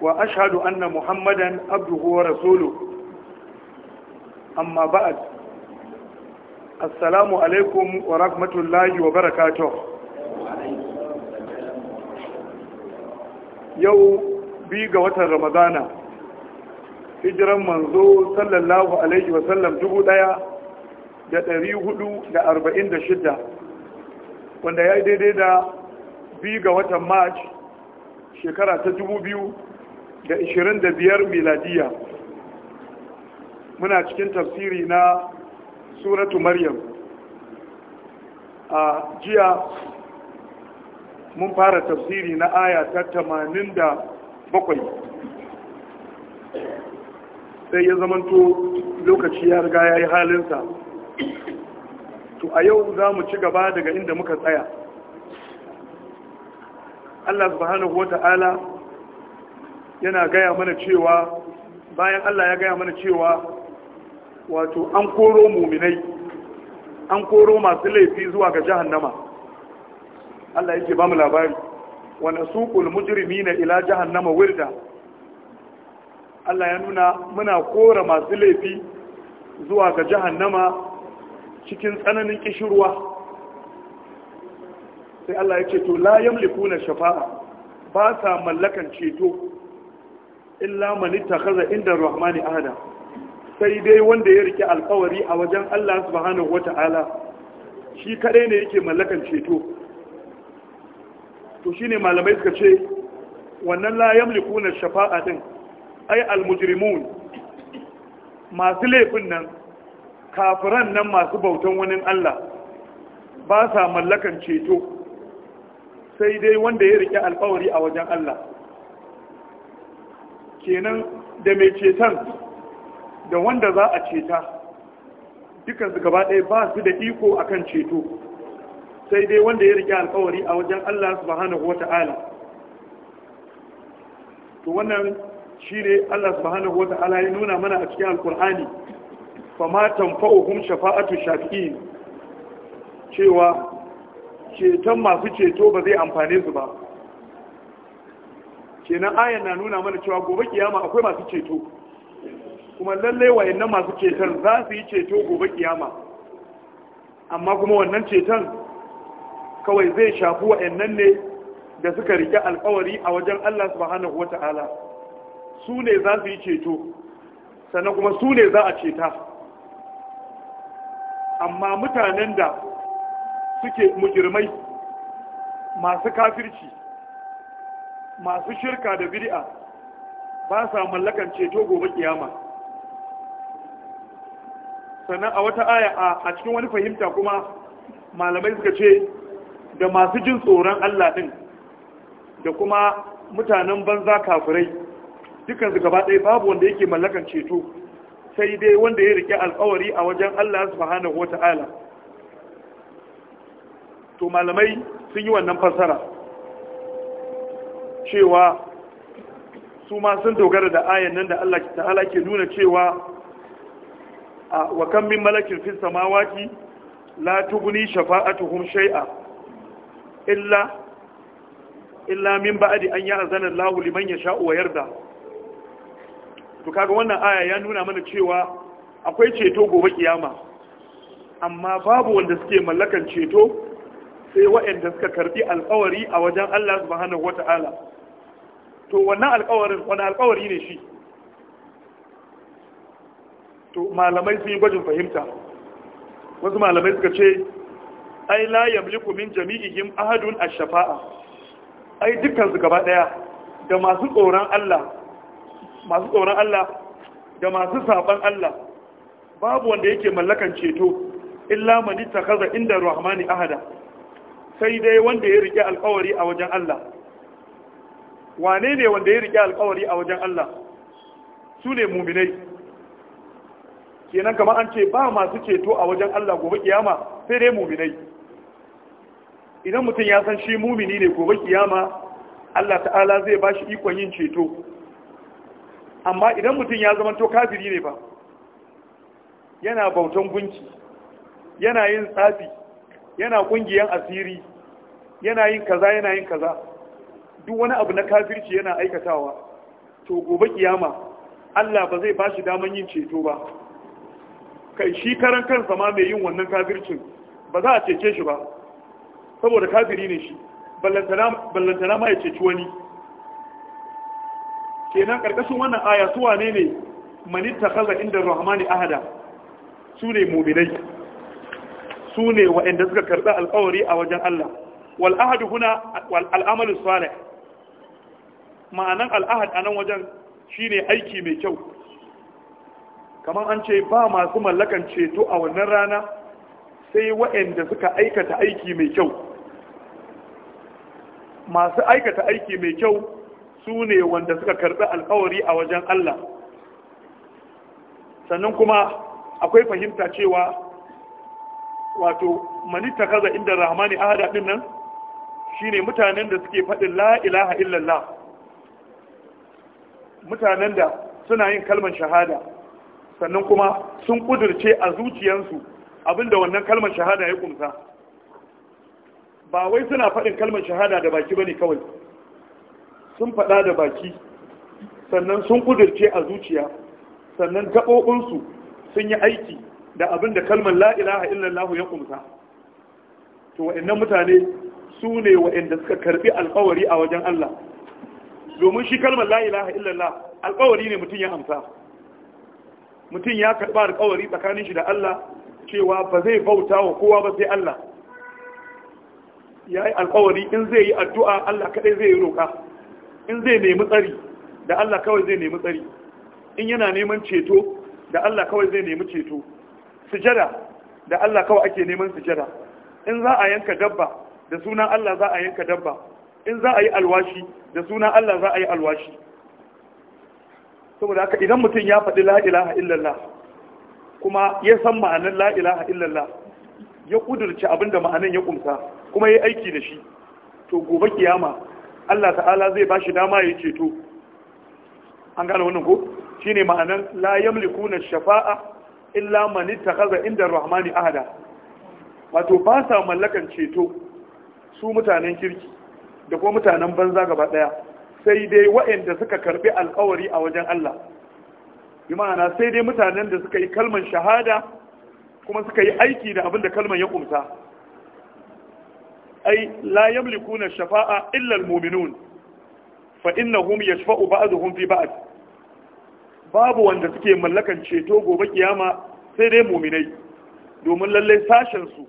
وأشهد أن محمدا عبده ورسوله أما بعد السلام عليكم ورحمة الله وبركاته يو ga watan Ramadana, hijiran manzo sallallahu alaihi wasallam dubu daya da dari hudu da arba'in da shida wanda ya yi daidai da biyu ga watan march shekara ta dubu biyu da 25 miladiya muna cikin tafsiri na suratu maryam a jiya mun fara tafsiri na aya ta tamanin da bakwai. sai ya zamanto lokaci ya riga ya yi halinsa to a yau za mu ci gaba daga inda muka tsaya Allah subhanahu wa ta'ala yana gaya mana cewa bayan Allah ya gaya mana cewa wato an koro muminai an koro masu laifi zuwa ga jahannama Allah yake ba mu labari wa nasuqul mujrimina ila jahannama wirda Allah ya nuna muna kora masu laifi zuwa ga jahannama cikin tsananin kishirwa sai Allah ya ce to la na shafa'a ba sa mallakan ceto illa man ittakhadha inda rahmani ahada sai dai wanda ya rike alkawari a wajen Allah subhanahu wata'ala shi kadai ne yake mallakan ceto to shine malamai suka ce wannan la yamlikuna shafa'a din ay almujrimun masu laifin nan kafiran nan masu bautan wani Allah ba sa mallakan ceto sai dai wanda ya rike alkawari a wajen Allah kenan da mai ceton da wanda za a ceta su gaba ɗaya ba su da iko a kan ceto sai dai wanda ya rike alkawari a wajen Allah subhanahu wata'ala to wannan shi ne Allah subhanahu wata'ala ya nuna mana a cikin alkur'ani fa ma fa'uhum shafa'atu shafi'in cewa ceton masu ceto ba zai amfane su ba kenan ayan na nuna mana cewa gobe kiyama akwai masu ceto kuma lallai wayannan masu ceton za su yi ceto gobe kiyama amma kuma wannan ceton kawai zai shafi wayannan ne da suka rike alkawari a wajen Allah subhanahu wata'ala su ne za su yi ceto sannan kuma su ne za a ceta amma mutanen da suke mujirmai masu kafirci masu shirka da bid'a ba sa mallakan ceto gobe kiyama sannan a wata aya a cikin wani fahimta kuma malamai suka ce da masu jin tsoron Allah din da kuma mutanen banza kafirai dukkan su gaba ɗaya babu wanda yake mallakan ceto sai dai wanda ya rike alkawari a wajen Allah subhanahu wata'ala to malamai sun yi wannan fassara cewa su ma sun dogara da ayan nan da Allah ta'ala ke nuna cewa a wakan min malakin fi samawati la tughni shafa'atuhum shay'a illa illa min ba'di an ya'zana Allahu liman yasha'u wa yarda to kaga wannan aya ya nuna mana cewa akwai ceto gobe kiyama amma babu wanda suke mallakan ceto sai waɗanda suka karbi alƙawari a wajen Allah subhanahu wata'ala to wannan alƙawarin wani alƙawari ne shi to malamai sun yi gwajin fahimta wasu malamai suka ce ai la yamliku min jami'ihim ahadun ash-shafa'a ai dukkan su gaba daya da masu tsoron Allah masu tsoron Allah da masu saban Allah babu wanda yake mallakan ceto illa man ittakhadha inda rahmani ahada sai dai wanda ya rike alkawari a wajen Allah wane ne wanda ya rike alkawari a wajen Allah su ne muminai kenan kamar an ce ba masu ceto a wajen Allah gobe kiyama sai dai muminai idan mutum ya san shi mumini ne gobe kiyama Allah ta'ala zai ba shi ikon yin ceto amma idan mutum ya zama to kafiri ne ba yana bautan gunki yana yin tsafi yana kungiyan asiri yana yin kaza yana yin kaza duk wani abu na kafirci yana aikatawa to gobe kiyama Allah ba zai ba shi daman yin ceto ba kai shi karan kansa ma mai yin wannan kafircin ba za a cece shi ba saboda kafiri ne shi ballantana ma ya ceci wani kenan karkashin wannan aya su wane ne manitta kaza inda rahmani ahada su ne muminai su ne waɗanda suka karɓi alƙawari a wajen Allah wal huna wal al'amal salih ma'anan al'ahad a nan wajen shine aiki mai kyau kamar an ce ba masu mallakan ceto a wannan rana sai waɗanda suka aikata aiki mai kyau masu aikata aiki mai kyau su ne wanda suka karɓi alkawari a wajen Allah sannan kuma akwai fahimta cewa wato manita kaza inda rahmani ahada din nan shine mutanen da suke faɗin la'ilaha illallah mutanen da suna yin kalmar shahada sannan kuma sun ƙudurce a zuciyansu abinda wannan kalmar shahada ya kumsa ba wai suna faɗin kalmar shahada da baki bane kawai sun faɗa da baki sannan sun ƙudurce a zuciya sannan gaɓoɓinsu sun yi aiki da abinda kalmar la'ilaha illallah ya kumsa to wa'annan mutane su ne waɗanda suka karbi alkawari a wajen Allah domin shi kalmar la ilaha illallah alkawari ne mutum ya amsa mutum ya karba alkawari tsakanin shi da Allah cewa ba zai bauta wa kowa ba sai Allah yayi alkawari in zai yi addu'a Allah kaɗai zai yi roka. in zai nemi tsari da Allah kawai zai nemi tsari in yana neman ceto da Allah kawai zai nemi ceto sujada da Allah kawai ake neman sujada in za a yanka dabba da suna Allah za a yanka dabba in za a yi alwashi da suna Allah za a yi alwashi saboda haka idan mutum ya faɗi la illallah kuma ya san ma'anin la illallah ya kudurci abinda ma'anin ya kumsa kuma ya aiki da shi to gobe kiyama Allah ta'ala zai ba shi dama ya ceto an gane wannan ko Shi ne ma'anan la na shafa'a illa ta kaza inda rahmani ahada wato ba sa mallakan ceto su mutanen kirki da kuma mutanen banza gaba daya sai dai waɗanda suka karbi alkawari a wajen Allah bi ma'ana sai dai mutanen da suka yi kalman shahada kuma suka yi aiki da abin da kalman ya kumta ai la yamlikuna shafa'a illa almu'minun fa innahum yashfa'u ba'dhum fi ba'd babu wanda suke mallakan ceto gobe kiyama sai dai mu'minai domin lalle sashen su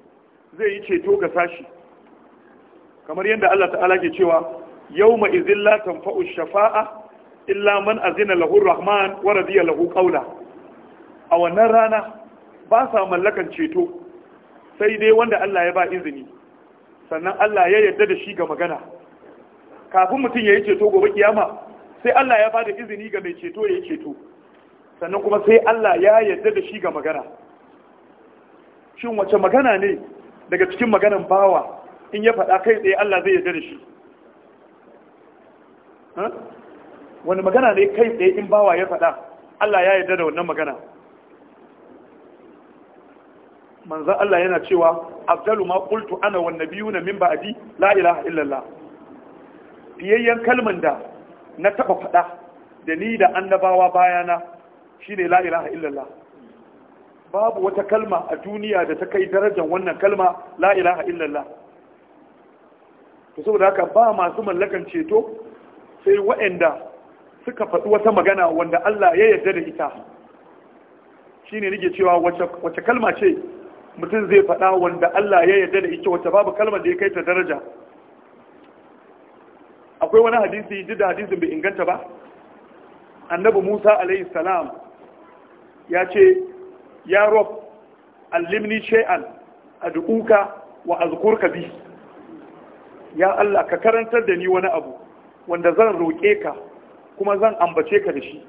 zai yi ceto ga sashi kamar yadda Allah ta'ala ke cewa yau idhil la tanfa'u shafa'a illa man azina lahu rahman wa radiya lahu qawla a wannan rana ba sa mallakan ceto sai dai wanda Allah ya ba izini sannan Allah ya yarda da shi ga magana kafin mutum ya yi ceto gobe kiyama sai Allah ya ba da izini ga mai ceto ya yi ceto sannan kuma sai Allah ya yarda da shi ga magana shin wace magana ne daga cikin maganan bawa in ya faɗa kai tsaye Allah zai yarda da shi wani magana ne kai tsaye in bawa ya faɗa Allah ya yarda da wannan magana manzan Allah yana cewa abdalu ma qultu ana wan na min ba'adi? la ilaha illallah Biyayyen kalman da na taba faɗa da ni da annabawa bayana shine la ilaha illallah babu wata kalma a duniya da ta kai darajar wannan kalma la ilaha illallah to saboda haka ba masu mallakan ceto sai waɗanda suka faɗi wata magana wanda Allah ya yarda da ita shine nake cewa wace kalma ce mutum zai faɗa wanda Allah ya yarda da ita wace babu kalmar da ya kai ta daraja akwai wani hadisi duk da hadisin bai inganta ba annabi Musa alaihi salam ya ce ya rob allimni shay'an ad'uka wa azkurka bi ya Allah ka karantar da ni wani abu wanda zan roƙe ka kuma zan ambace ka da shi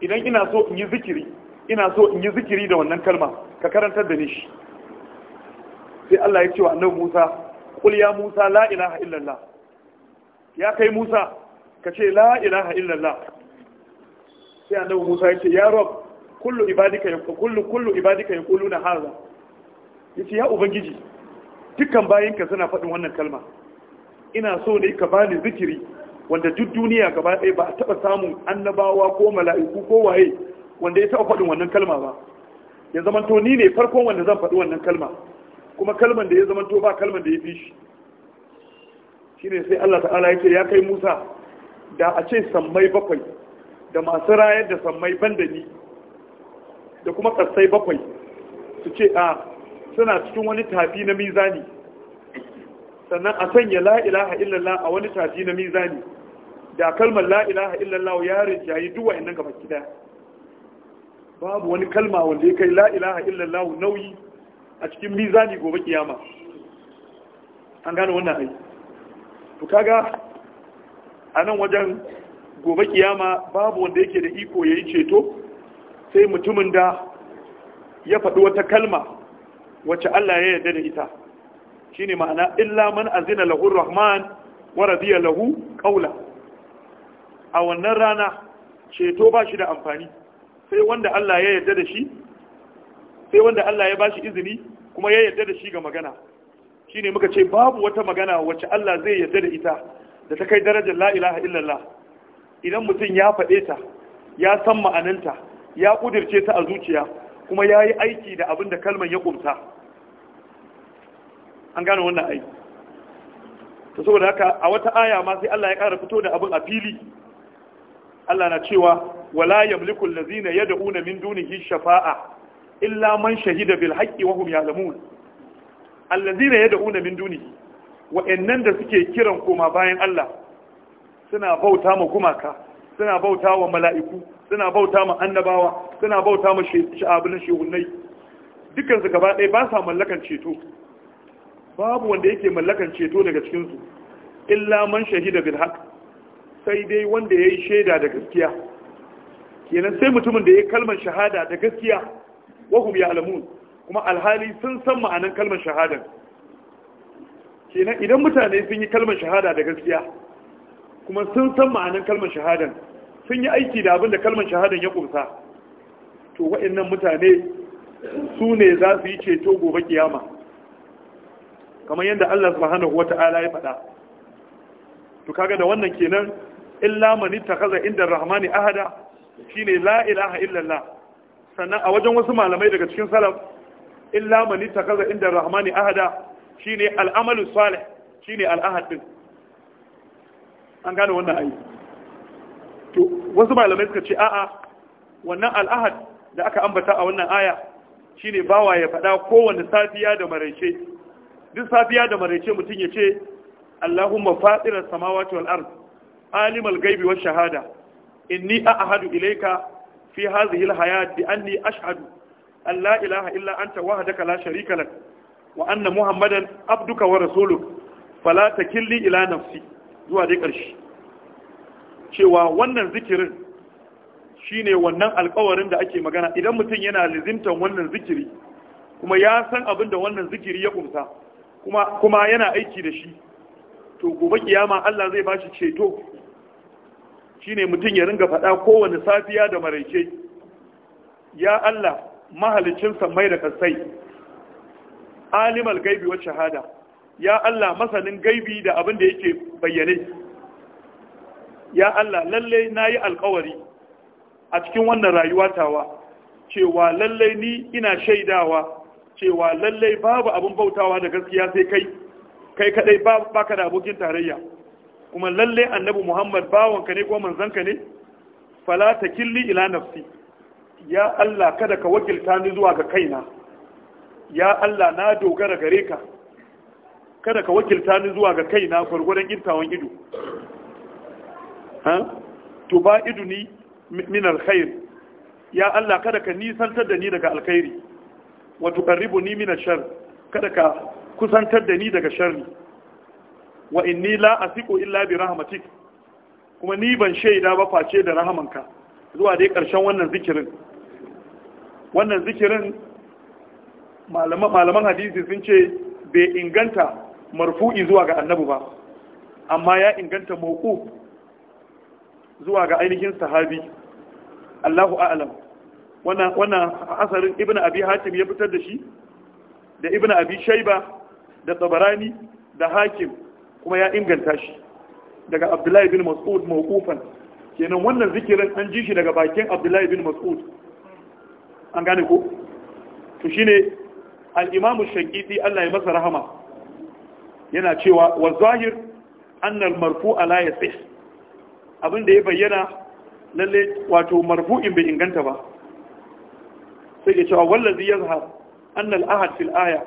idan ina so in yi zikiri ina so in yi zikiri da wannan kalma ka karantar da ni shi sai Allah ya ce wa annabi Musa qul ya Musa la ilaha illallah ya kai Musa ka ce la ilaha illallah sai annabi Musa ya ce ya rab kullu ibadika yaqulu kullu kullu ibadika yaquluna hadha yace ya ubangiji dukkan bayinka suna faɗin wannan kalma ina so ne ka bani zikiri wanda duk duniya gaba ɗaya ba a taɓa samun annabawa ko mala'iku ko waye wanda ya taɓa faɗin wannan kalma ba ya zamanto ni ne farko wanda zan faɗi wannan kalma kuma kalman da ya zamanto ba kalman da ya fi shi ne sai Allah ta'ala ya ce ya kai Musa da a ce sammai bakwai da masu rayar da sammai ban da ni da kuma ƙasai bakwai su ce a suna cikin wani tafi na mizani sannan a sanya la'ilaha illallah a wani tafi na mizani da kalmar la’ilaha illallah ya yi duwa inan gaba kida babu wani kalma wanda ya kai la'ilaha illallah nauyi a cikin mizani gobe kiyama an gane wannan ai to kaga a nan wajen gobe kiyama babu wanda yake da iko ya yi ceto sai mutumin da ya faɗi wata kalma wacce Allah ya yarda da ita shine ma'ana illa man azina lahun rahman wa radiya lahu qawla a wannan rana ceto ba shi da amfani sai wanda Allah ya yarda da shi sai wanda Allah ya shi izini kuma ya yarda da shi ga magana shine muka ce babu wata magana wacce Allah zai yarda da ita da ta kai darajar la'ilaha illallah idan mutum ya faɗe ta ya san ma'ananta ya ƙudirce ta a zuciya kuma ya yi aiki da abin da kalman ya ƙumta an gane wannan ai to saboda haka a wata aya ma sai Allah ya ƙara fito da abin a fili Allah na cewa wala yamliku allazina yad'una min dunihi shafa'a illa man shahida bil haqqi wa hum ya'lamun allazina yad'una min dunihi wa'annan da suke kiran koma bayan Allah suna bauta ma gumaka suna bauta wa mala'iku suna bauta ma annabawa suna bauta ma sha'abulin shehunnai. dukkan su gaba ɗaya ba sa mallakan ceto babu wanda yake mallakan ceto daga cikinsu illa man shahida bil haq sai dai wanda yayi shaida da gaskiya kenan sai mutumin da yayi kalmar shahada da gaskiya wa hum ya'lamun kuma alhali sun san ma'anan kalmar shahada kenan idan mutane sun yi kalmar shahada da gaskiya kuma sun san ma'anan kalmar shahada sun yi aiki da abin da kalmar shahada ya kumsa to wa'annan mutane su ne za su yi ceto gobe kiyama kamar yadda Allah subhanahu wata'ala ya faɗa to kaga da wannan kenan illa man ittakhadha inda rahmani ahada shine la ilaha illallah sannan a wajen wasu malamai daga cikin salaf illa man ittakhadha inda rahmani ahada shine al'amalu salih shine al'ahad din an gane wannan ayi to wasu malamai suka ce a'a wannan al'ahad da aka ambata a wannan aya shine bawa ya faɗa kowanne safiya da maraice duk safiya da maraice mutum ya ce Allahumma fatirar samawati wal ard alimal gaibi wash shahada inni a'hadu ilaika fi hadhihi hayat bi anni ashhadu an la ilaha illa anta wahdaka la sharika lak wa anna muhammadan abduka wa rasuluk fala takilni ila nafsi zuwa dai ƙarshe cewa wannan zikirin shine wannan alƙawarin da ake magana idan mutum yana lizimtan wannan zikiri kuma ya san abin da wannan zikiri ya kumsa kuma yana aiki da shi to gobe kiyama Allah zai bashi ceto shine mutum ya ringa faɗa kowane safiya da maraice ya Allah mahalicin samai da kasai alimul gaibi wa shahada ya Allah masanin gaibi da abin da yake bayyane ya Allah lalle nayi alkawari a cikin wannan rayuwa tawa cewa lalle ni ina shaidawa cewa lallai babu abin bautawa da gaskiya sai kai kai kadai baka da abokin tarayya kuma lallai annabi muhammad bawanka ne ko manzanka ne fala ta killi ila nafsi ya allah kada ka wakilta ni zuwa ga kaina ya allah na dogara gare ka kada ka wakilta ni zuwa ga kaina gwargwadon irtawan ido to ba idu ni min alkhair ya allah kada ka nisantar da ni daga alkhairi wa tuqarribuni min ash-shar kada ka kusantar da ni daga sharri wa inni la asiku illa bi rahmatik kuma ni ban shaida ba face da rahamanka zuwa dai karshen wannan zikirin wannan zikirin malaman hadisi sun ce bai inganta marfu'i zuwa ga annabi ba amma ya inganta mauku zuwa ga ainihin sahabi Allahu a'lam wannan asarin ibn abi hatim ya fitar da shi da ibn abi shaiba da tabarani da hakim kuma ya inganta shi daga abdullahi bin mas'ud mawqufan kenan wannan zikirin an ji shi daga bakin abdullahi bin mas'ud an gane ko to shi ne imam shaqiqi Allah ya masa rahama yana cewa wa zahir anna al-marfu'a la yasih abinda ya bayyana lalle wato marfu'in bai inganta ba sai ce wa wallazi yazhar anna al-ahad fil aya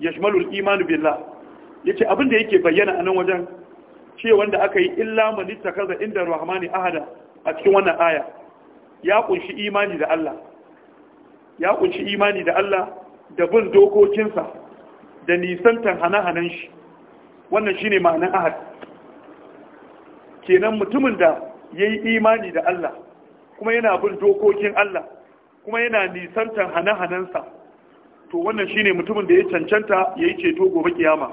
yashmalu al-iman billah yace abin da yake bayyana anan wajen ce wanda aka yi illa man takaza inda rahmani ahada a cikin wannan aya ya kunshi imani da Allah ya kunshi imani da Allah da bin dokokinsa da nisantar hana-hanan shi wannan shine ma'anan ahad kenan mutumin da ya yi imani da Allah kuma yana bin dokokin Allah kuma yana nisantar hane-hanensa to wannan shine mutumin da ya cancanta ya yi ceto gobe kiyama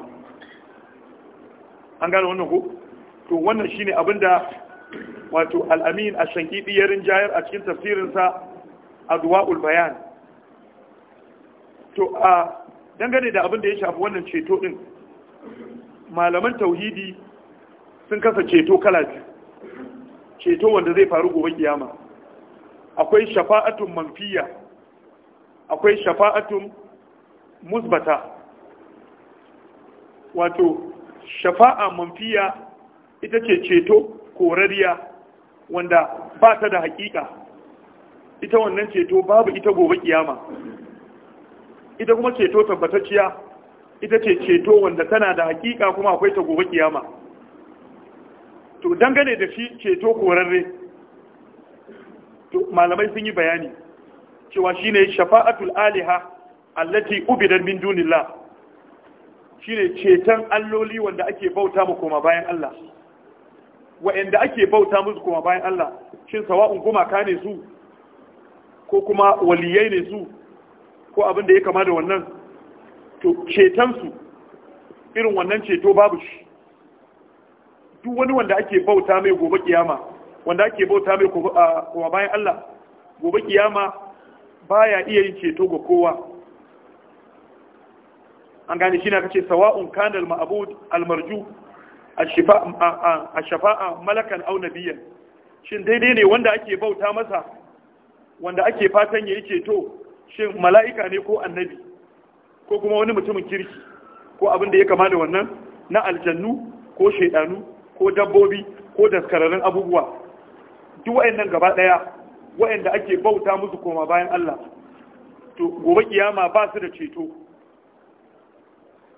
an gane wannan ko to wannan shine abinda wato al'amin a shanki ɗiyarin jayar a cikin tafsirinsa a duwa'ul bayan to a dangane da abinda ya shafi wannan ceto din malaman tauhidi sun kasa ceto kala ceto wanda zai faru gobe kiyama akwai shafa'atun manfiya akwai shafa'atun musbata wato shafa'a manfiya ita ce ceto korariya wanda ba ta da hakika ita wannan ceto babu ita gobe kiyama ita kuma ceto tabbatacciya ita ce ceto wanda tana da hakika kuma akwai ta gobe kiyama to dangane da shi ceto korarre to malamai sun yi bayani cewa shine shafa'atul aliha allati Ubidar min dunillah shine ceton alloli wanda ake bauta mu koma bayan Allah wa'anda ake bauta musu koma bayan Allah shin sawa'un gumaka ne su ko kuma waliyai ne su ko abin da ya kama da wannan to ceton su irin wannan ceto babu shi duk wani wanda ake bauta mai gobe kiyama wanda ake bauta mai kuma bayan Allah gobe kiyama baya iya yin ceto ga kowa an gane shi na kace sawa'un kana al-ma'bud al-marju ash-shafa'a malakan aw nabiyyan shin daidai ne wanda ake bauta masa wanda ake fatan yayi ceto shin mala'ika ne ko annabi ko kuma wani mutumin kirki ko abin da ya kama da wannan na aljannu ko shaidanu ko dabbobi ko daskararrun abubuwa duk wayannan gaba daya wayanda ake bauta musu koma bayan Allah to gobe kiyama ba su da ceto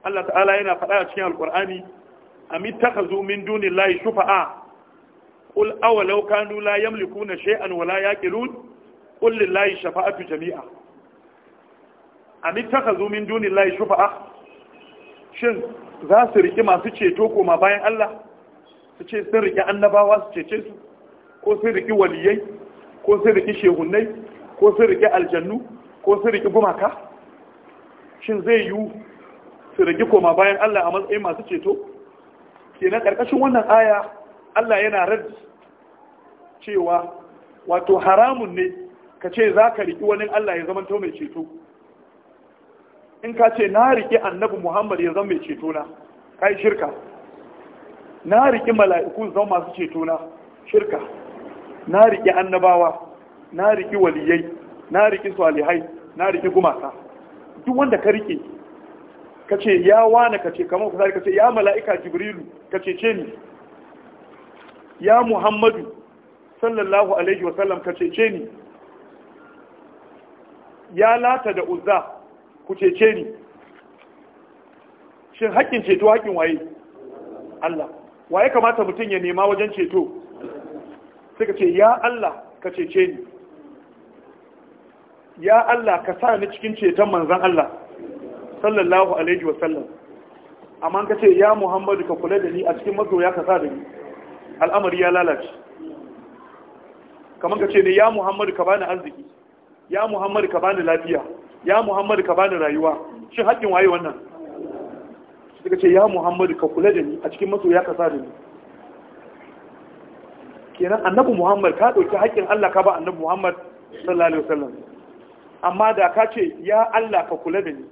Allah ta'ala yana faɗa a cikin alqur'ani amittakhazu min dunillahi shufa'a qul awalau kanu la yamlikuna shay'an wala yaqilun qul lillahi shafa'atu jami'a amittakhazu min dunillahi shufa'a shin za su riƙi masu ceto koma bayan Allah su ce sun riƙi annabawa su cece su ko sun riki waliyai ko sun riki shehunai ko sun riki aljannu ko sun riki gumaka shin zai yiwu su riki koma bayan Allah a matsayin masu ceto Ke na ƙarƙashin wannan aya Allah yana raddi cewa wato haramun ne ka ce za ka riki wani Allah ya zama mai ceto in ka ce na riki annabi Muhammad ya zama mai ceto na kai shirka na riki mala'iku zama masu ceto na shirka na riƙi annabawa na riƙi waliyai na riƙi salihai na riƙi gumaka duk wanda ka riƙe ka ce ya wane ka ce kamar ka ce ya mala'ika jibrilu ka ce ce ni ya muhammadu sallallahu alaihi wasallam ka ce ce ni ya lata da uzza ku ce ce ni shin haƙƙin ceto haƙƙin waye Allah waye kamata mutum ya nema wajen ceto suka ce ya Allah ka cece ni ya Allah ka sa ni cikin ceton manzan Allah sallallahu alaihi wa sallam amma ka ce ya Muhammadu ka kula da ni a cikin mazoya ka sa da ni al'amari ya lalace kamar ka ce ne ya Muhammadu ka bani arziki ya Muhammadu ka bani lafiya ya Muhammadu ka bani rayuwa shi haƙƙin waye wannan suka ce ya Muhammadu ka kula da ni a cikin mazoya ka sa da ni kenan annabi muhammad ka ɗauki haƙƙin allah ka ba annabi muhammad sallallahu alaihi wasallam amma da ka ce ya allah ka kula da ni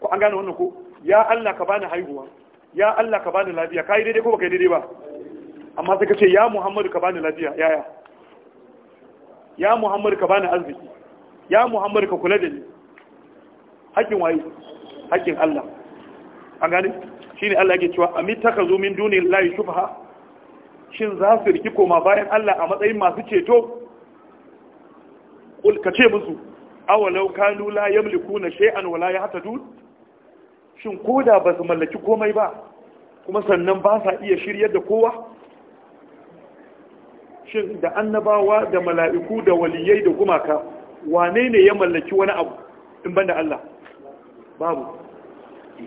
ko an gane wannan ko ya allah ka bani haihuwa ya allah ka bani lafiya ka yi daidai ko baka yi daidai ba amma sai ka ce ya muhammadu ka bani lafiya yaya ya muhammadu ka bani arziki ya muhammadu ka kula da ni haƙƙin waye haƙƙin allah an gane shine allah yake cewa amitaka zo min duni lahi shubha shin za su riki koma bayan Allah a matsayin masu ceto ka ce musu awalau kanu la na shay'an wala yahtadun shin koda ba su mallaki komai ba kuma sannan ba sa iya shiryar da kowa shin da annabawa da mala'iku da waliyai da gumaka wane ne ya mallaki wani abu in banda Allah babu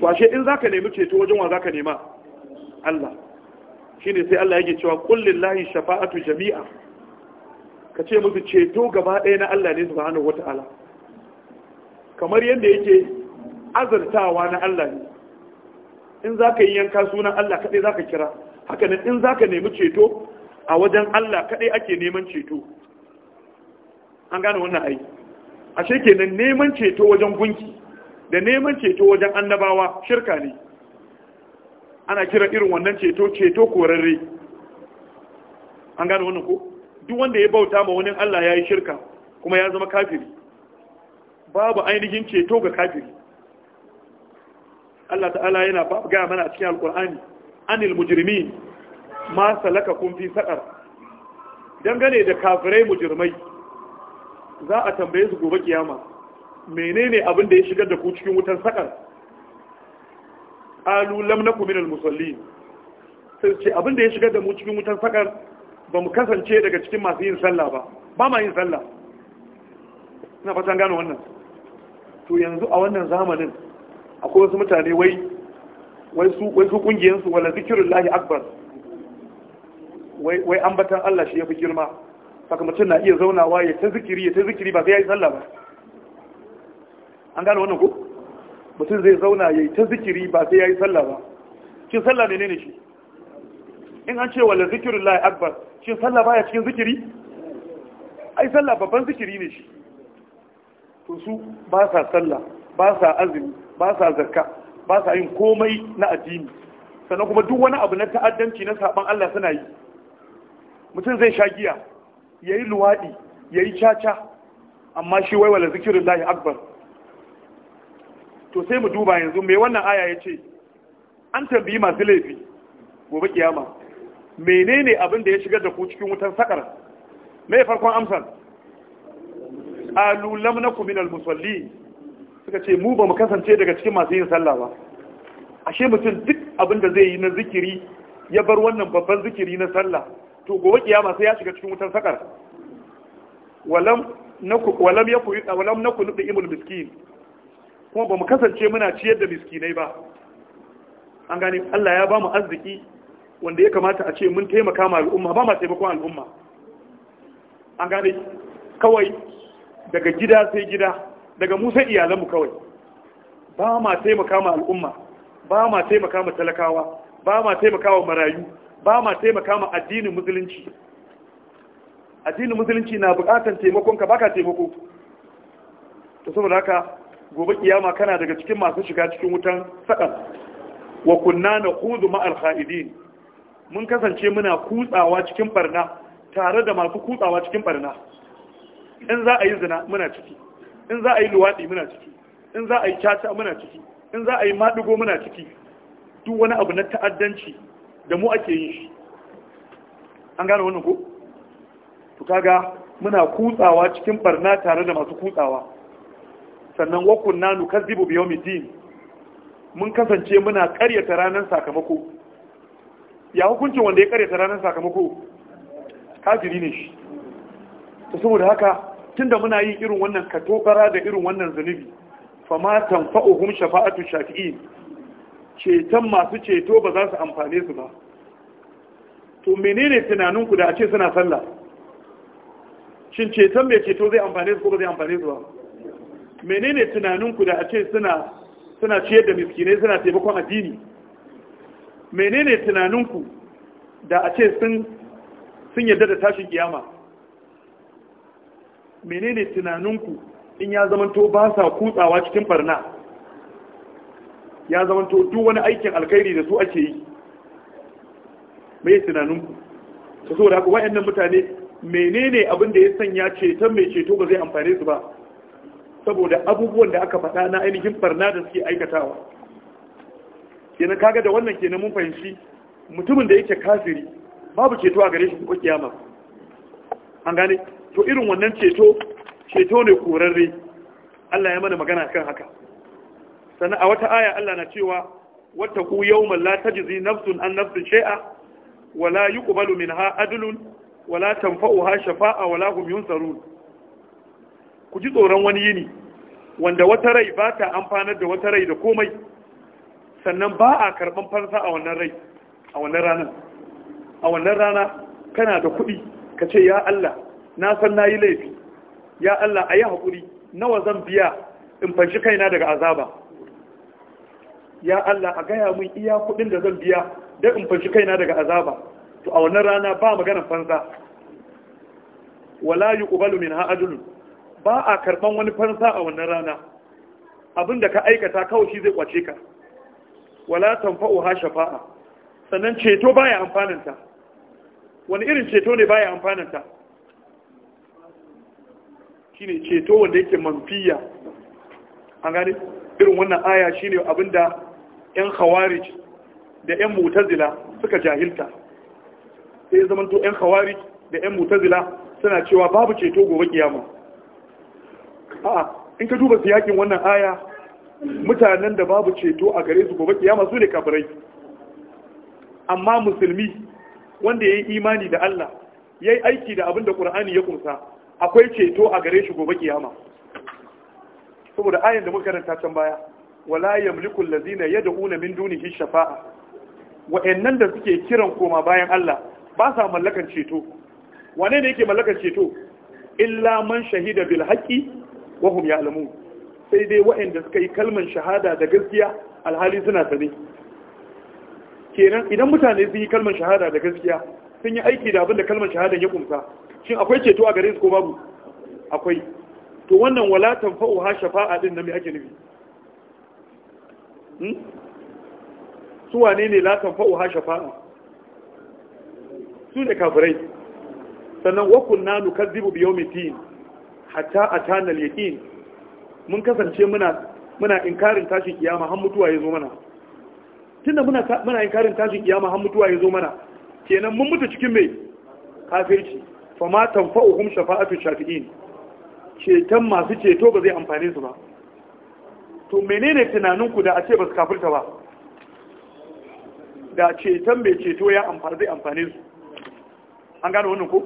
washe ashe in zaka nemi ceto wajen wa zaka nema Allah ne sai Allah yake cewa qul lahi shafa'atu jami'a ka ce musu ceto gaba ɗaya na Allah ne subhanahu wata'ala kamar yadda yake azartawa na Allah ne in zaka yi yanka sunan Allah za zaka kira haka nan in zaka nemi ceto a wajen Allah kaɗai ake neman ceto an gane wannan aiki ashe kenan neman ceto wajen gunki da neman ceto wajen annabawa shirka ne ana kira irin wannan ceto ceto korarre an gane wannan ko duk wanda ya bauta ma wani Allah ya yi shirka kuma ya zama kafiri babu ainihin ceto ga kafiri Allah ta'ala yana gaya mana a cikin alkur'ani anil mujrimin ma salaka kun fi saƙar. dangane da kafirai mujrimai za a tambaye su gobe kiyama menene abin da ya shigar da ku cikin wutar saƙar? Alu lam nakum minal musallin sai ce abin da ya shigar da mu cikin wutan sakar ba mu kasance daga cikin masu yin sallah ba ba ma yin sallah ina fatan gano wannan to yanzu a wannan zamanin akwai wasu mutane wai wai su wai su kungiyar su wala zikrullahi akbar wai ambatan Allah shi yafi girma saka mutum na iya zaunawa ya ta zikiri ya ta zikiri ba sai ya yi sallah ba an gano wannan ko mutum zai zauna ya yi ta zikiri ba sai ya yi sallah ba cin sallah ne ne shi in an ce wala zikirin lai akbar cin sallah baya cikin zikiri ai sallah babban zikiri ne shi to su ba sa sallah ba sa azumi ba sa zakka ba sa yin komai na addini sannan kuma duk wani abu na ta'addanci na saban Allah suna yi mutum zai sha giya ya yi luwaɗi, ya yi caca amma shi wai wala zikirin lai akbar to sai mu duba yanzu mai wannan aya ya ce an tambayi masu laifi gobe kiyama menene abin da ya shigar da ku cikin wutar sakar mai farkon amsar alulam na kuminal musalli suka ce mu ba mu kasance daga cikin masu yin sallah ba ashe mutum duk abin da zai yi na zikiri ya bar wannan babban zikiri na sallah to gobe kiyama sai ya shiga cikin wutar sakar walam na walam yaku walam naku imul miskin kuma ba mu kasance muna ciyar da miskinai ba an gani Allah ya ba mu arziki wanda ya kamata a ce mun taimaka ma al'umma ba ma taimakon al'umma an gani kawai daga gida sai gida daga musa sai iyalanmu kawai ba ma taimaka ma al'umma ba ma taimaka ma talakawa ba ma taimaka wa marayu ba ma taimaka ma addinin musulunci addinin musulunci na bukatan taimakon ka baka taimako to saboda haka gobe kiyama kana daga cikin masu shiga cikin wutan sadan wa kunna naqudu ma'al kha'idin mun kasance muna kutsawa cikin barna tare da masu kutsawa cikin barna in za a yi zina muna ciki in za a yi luwadi muna ciki in za a yi caca muna ciki in za a yi madugo muna ciki duk wani abu na ta'addanci da mu ake yin shi an gane wannan ko to kaga muna kutsawa cikin barna tare da masu kutsawa sannan wa kunna nukazzibu bi mitin mun kasance muna karyata ranar sakamako ya hukuncin wanda ya karyata ranar sakamako kafiri ne shi ta saboda haka tunda muna yi irin wannan katokara da irin wannan zunubi fama hun shafa'atu shafi'i. ceton masu ceto ba za su amfane su ba to menene tunaninku da a ce suna sallah shin ceton mai ceto zai amfane su ko ba zai amfane su ba menene tunaninku da a ce suna suna ciyar da miskinai suna taimakon addini menene tunaninku da a ce sun sun yarda da tashin kiyama menene tunaninku in ya zamanto ba sa kutsawa cikin farna ya zamanto duk wani aikin alkhairi da su ake yi mai tunaninku ta saboda haka wa'annan mutane menene abin da ya sanya ceton mai ceto ba zai amfane su ba saboda abubuwan da aka faɗa na ainihin farna da suke aikatawa kenan kaga da wannan kenan mun fahimci mutumin da yake kafiri babu ceto a gare shi ko kiyama an gane to irin wannan ceto ceto ne korarre Allah ya mana magana kan haka sannan a wata aya Allah na cewa ku yawmal la tajzi nafsun an nafsi shay'a wala yuqbalu minha adlun wala tanfa'uha shafa'a wala hum yunsarun ku ji tsoron wani yini wanda wata rai ba ta amfanar da wata rai da komai sannan ba a karɓan fansa a wannan rai a wannan rana a wannan rana kana da kuɗi ka ce ya Allah na san na yi laifi ya Allah a yi haƙuri nawa zan biya in fanshi kaina daga azaba ya Allah a gaya mun iya kuɗin da zan biya don in fanshi kaina daga azaba to a wannan rana ba maganar fansa wala yuqbalu minha ajlun ba a karban wani fansa a wannan rana abinda ka aikata kawai shi zai kwace ka wala tanfa'u ha shafa'a sannan ceto baya amfanin ta wani irin ceto ne baya amfanin ta shine ceto wanda yake manfiya an gane irin wannan aya shine abinda yan khawarij da yan mutazila suka jahilta sai zamanto yan khawarij da yan mutazila suna cewa babu ceto gobe kiyama a'a in ka duba siyakin wannan aya mutanen da babu ceto a gare su gobe kiyama su ne kafirai amma musulmi wanda ya yi imani da Allah yayi aiki da abin da ƙur'ani ya kunsa akwai ceto a gare shi gobe kiyama saboda ayan da muka karanta can baya wala yamliku allazina yad'una min dunihi shafa'a wa'annan da suke kiran koma bayan Allah ba sa mallakan ceto wane ne yake mallakan ceto illa man shahida bil haqqi wahum ya alamu sai dai waɗanda suka yi kalman shahada da gaskiya alhali suna sane kenan idan mutane sun yi kalman shahada da gaskiya sun yi aiki da abin da kalman shahada ya kumsa shin akwai ceto a gare su ko babu akwai to wannan wala tanfa'u ha shafa'a din nan me ake nufi hmm? su wane ne la tanfa'u ha shafa'a su ne kafirai sannan wa kunna nukazzibu bi tin. hatta a tana yaqin mun kasance muna in inkarin tashin kiyama har mutuwa ya zo mana tunda muna in inkarin tashin kiyama har mutuwa ya zo mana kenan mun mutu cikin mai kafirci fa ma tanfa'uhum shafa'atu shafi'in ceton masu ceto ba zai amfane su ba to menene tunaninku da a ce ba su kafirta ba da ceton mai ceto ya amfani zai amfane su an gano wannan ku?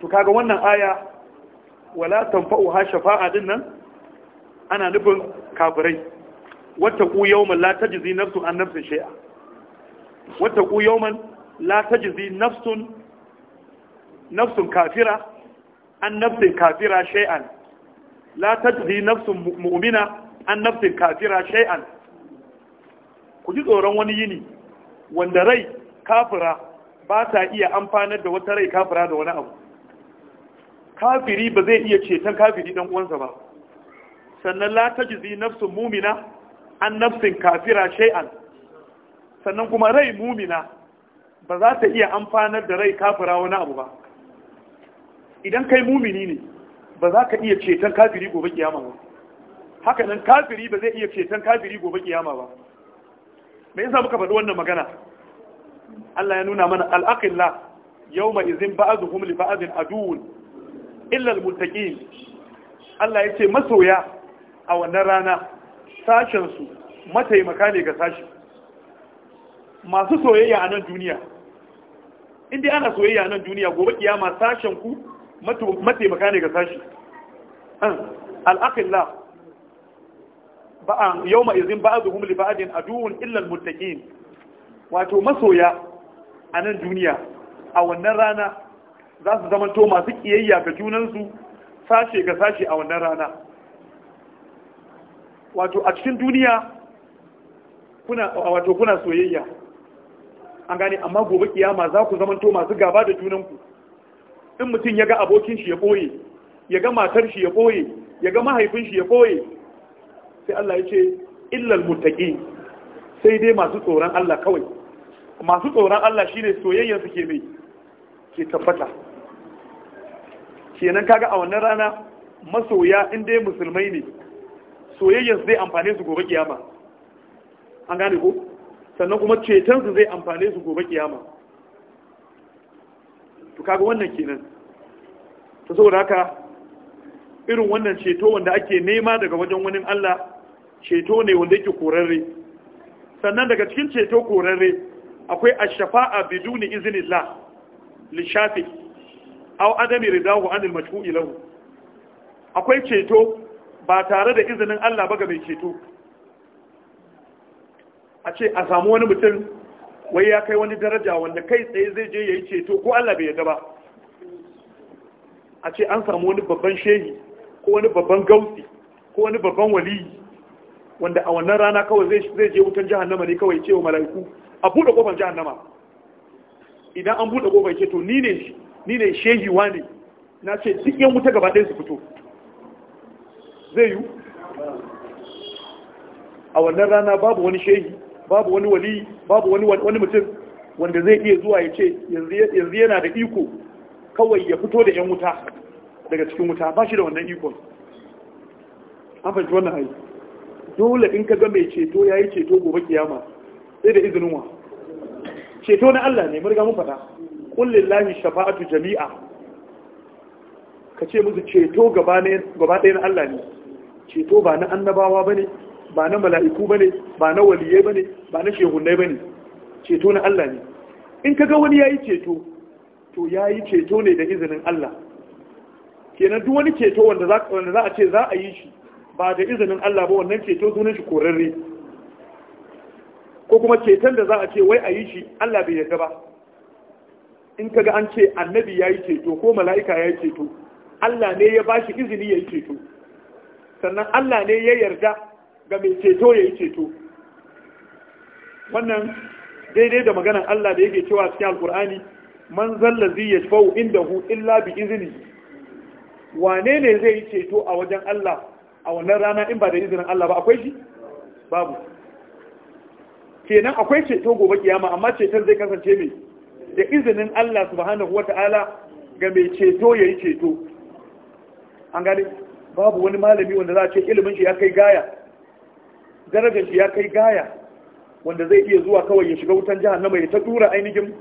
to kaga wannan aya wala tanfa'u ha shafa'a din nan ana nufin kafirai wata ku yawman la tajzi nafsun an nafsin shay'a wata ku yawman la tajzi nafsun nafsun kafira an nafsin kafira shay'an la tajzi nafsun mu'mina an nafsin kafira shay'an ku ji tsoron wani yini wanda rai kafira ba ta iya amfanar da wata rai kafira da wani abu kafiri ba zai iya ceton kafiri dan uwansa ba sannan la ta jizi nafsun mu'mina an nafsin kafira shay'an sannan kuma rai mumina ba za ta iya amfanar da rai kafira wani abu ba idan kai mumini ne ba za ka iya ceton kafiri gobe kiyama ba haka nan kafiri ba zai iya ceton kafiri gobe kiyama ba me yasa muka faɗi wannan magana Allah ya nuna mana al'aqilla yawma izin ba'dhum li ba'dhin aduwwun illal muttaqin Allah ya ce masoya a wannan rana sashensu mataimaka ne ga sashi masu soyayya a nan duniya inda ana soyayya a nan duniya gobe kiyama sashen ku mataimaka ne ga sashi al'aqilla ba'an yawma izin ba'dhum li ba'din a duhun al-muttaqin wato masoya a nan duniya a wannan rana za su zamanto masu kiyayya ga junansu sashe ga sashe a wannan rana wato a cikin duniya kuna wato kuna soyayya an gane amma gobe kiyama za ku zamanto masu gaba da junanku in mutum ya ga abokin shi ya boye ya ga matar shi ya boye ya ga mahaifin shi ya boye sai Allah ya ce illal sai dai masu tsoron Allah kawai masu tsoron Allah shine soyayya su ke mai ke tabbata kenan kaga a wannan rana masoya in dai musulmai ne soyayyarsu zai amfane su gobe kiyama an gane ko sannan kuma cetonsu zai amfane su gobe kiyama to kaga wannan kenan ta saboda haka irin wannan ceto wanda ake nema daga wajen wani Allah ceto ne wanda yake korarre sannan daga cikin ceto korarre akwai ashafa'a biduni iznillah lishafi aw adami ridahu anil majhu'i lahu akwai ceto ba tare da izinin Allah ba ga mai ceto a ce a samu wani mutum wai ya kai wani daraja wanda kai tsaye zai je yayi ceto ko Allah bai yarda ba a ce an samu wani babban shehi ko wani babban gausi ko wani babban waliyi wanda a wannan rana kawai zai je wutan jahannama ne kawai cewa mala'iku a buɗe ƙofar jahannama idan an buɗe ƙofar ceto ni ne shi ni ne shehi wani na ce duk yan wuta gaba ɗaya su fito zai yi a wannan rana babu wani shehi babu wani wali babu wani wani mutum wanda zai iya zuwa ya ce yanzu yana da iko kawai ya fito da yan wuta daga cikin wuta ba shi da wannan ikon an fahimci wannan hari dole in ka ga mai ceto ya yi ceto gobe kiyama sai da izinin wa ceto na Allah ne mun riga mun faɗa. lahi shafa'atu jami'a ka ce musu ceto gaba ɗaya na Allah ne ceto ba na annabawa ba ne ba na mala'iku ba ne ba na waliye ba ne ba na shehunai ba ne ceto na Allah ne in ka ga wani ya yi ceto to ya yi ceto ne da izinin Allah kenan duk wani ceto wanda za a ce za a yi shi ba da izinin Allah ba wannan ceto sunan shi korarre ko kuma ceton da za a ce wai a yi shi Allah bai yarda ba in kaga an ce annabi ya yi ceto ko mala'ika ya yi ceto Allah ne ya bashi izini ya yi ceto sannan Allah ne ya yarda ga mai ceto ya yi ceto wannan daidai da maganan Allah da yake cewa cikin alkur'ani man zallazi ya fau inda hu illa bi izini wane ne zai yi ceto a wajen Allah a wannan rana in ba da izinin Allah ba akwai shi babu kenan akwai ceto gobe kiyama amma ceton zai kasance mai da izinin Allah subhanahu ta'ala ga mai ceto ya yi ceto an gani, babu wani malami wanda za a ce ilimin shi ya kai gaya darajar shi ya kai gaya wanda zai iya zuwa kawai ya shiga wutan na mai ta tura ainihin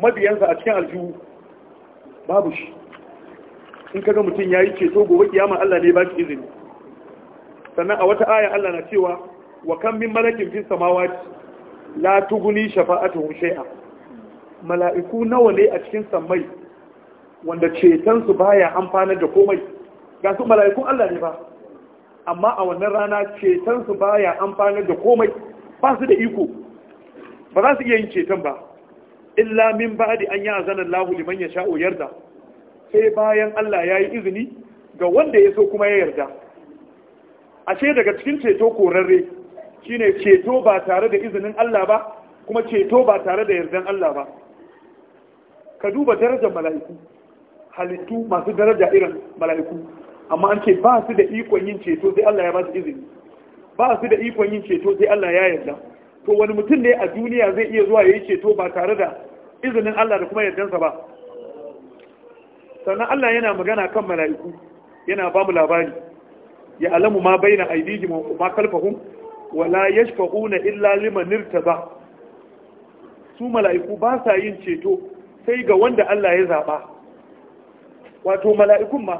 mabiyansa a cikin aljihu babu shi in kaga mutum ya yi ceto gobe kiyama Allah ne ba shi izini sannan a wata aya Allah na cewa wa kan min malakin fis samawati la tuguni shafa'atuhum shay'a mala'iku nawa ne a cikin sammai wanda cetonsu baya amfanar da komai ga su mala'ikun Allah ne ba amma a wannan rana cetonsu baya amfanar da komai ba su da iko ba za su iya yin ceton ba illa min ba'di an yi ya'zana lahuli manya sha'o yarda sai bayan Allah ya yi izini ga wanda ya so kuma ya yarda ashe daga cikin ceto korarre shine ceto ba tare da izinin Allah ba kuma ceto ba tare da yardan Allah ba ka duba darajar mala'iku halittu masu daraja irin mala'iku amma an ce ba su da ikon yin ceto sai Allah ya ba su izini ba su da ikon yin ceto sai Allah ya yarda to wani mutum ne a duniya zai iya zuwa ya yi ceto ba tare da izinin Allah da kuma yardansa ba sannan Allah yana magana kan mala'iku yana ba mu labari ya alamu ma bai na aidiji ma kalfahun wala ya yashfa'una illa liman ba. su mala'iku ba sa yin ceto sai ga wanda Allah ya zaɓa wato mala'ikun ma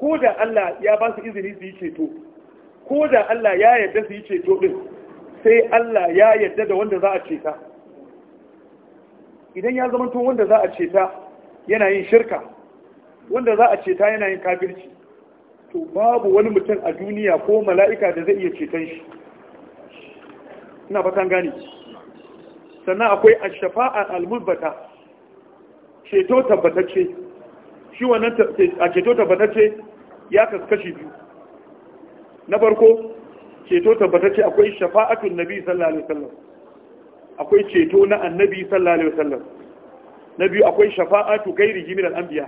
ko da Allah ya ba su izini su yi ceto ko da Allah ya yarda su yi ceto ɗin sai Allah ya yarda da wanda za a ceta idan ya zamanto wanda za a ceta yana yin shirka wanda za a ceta yana yin kafirci to babu wani mutum a duniya ko mala'ika da zai iya ceton shi ina fatan gani sannan akwai ashafa al-mulbata ceto tabbatacce shi wannan a ceto tabbatacce ya kaskashi biyu na farko ceto tabbatacce akwai shafa'atun nabi sallallahu alaihi wasallam akwai ceto na annabi sallallahu alaihi wasallam na biyu akwai shafa'atu gairi min al-anbiya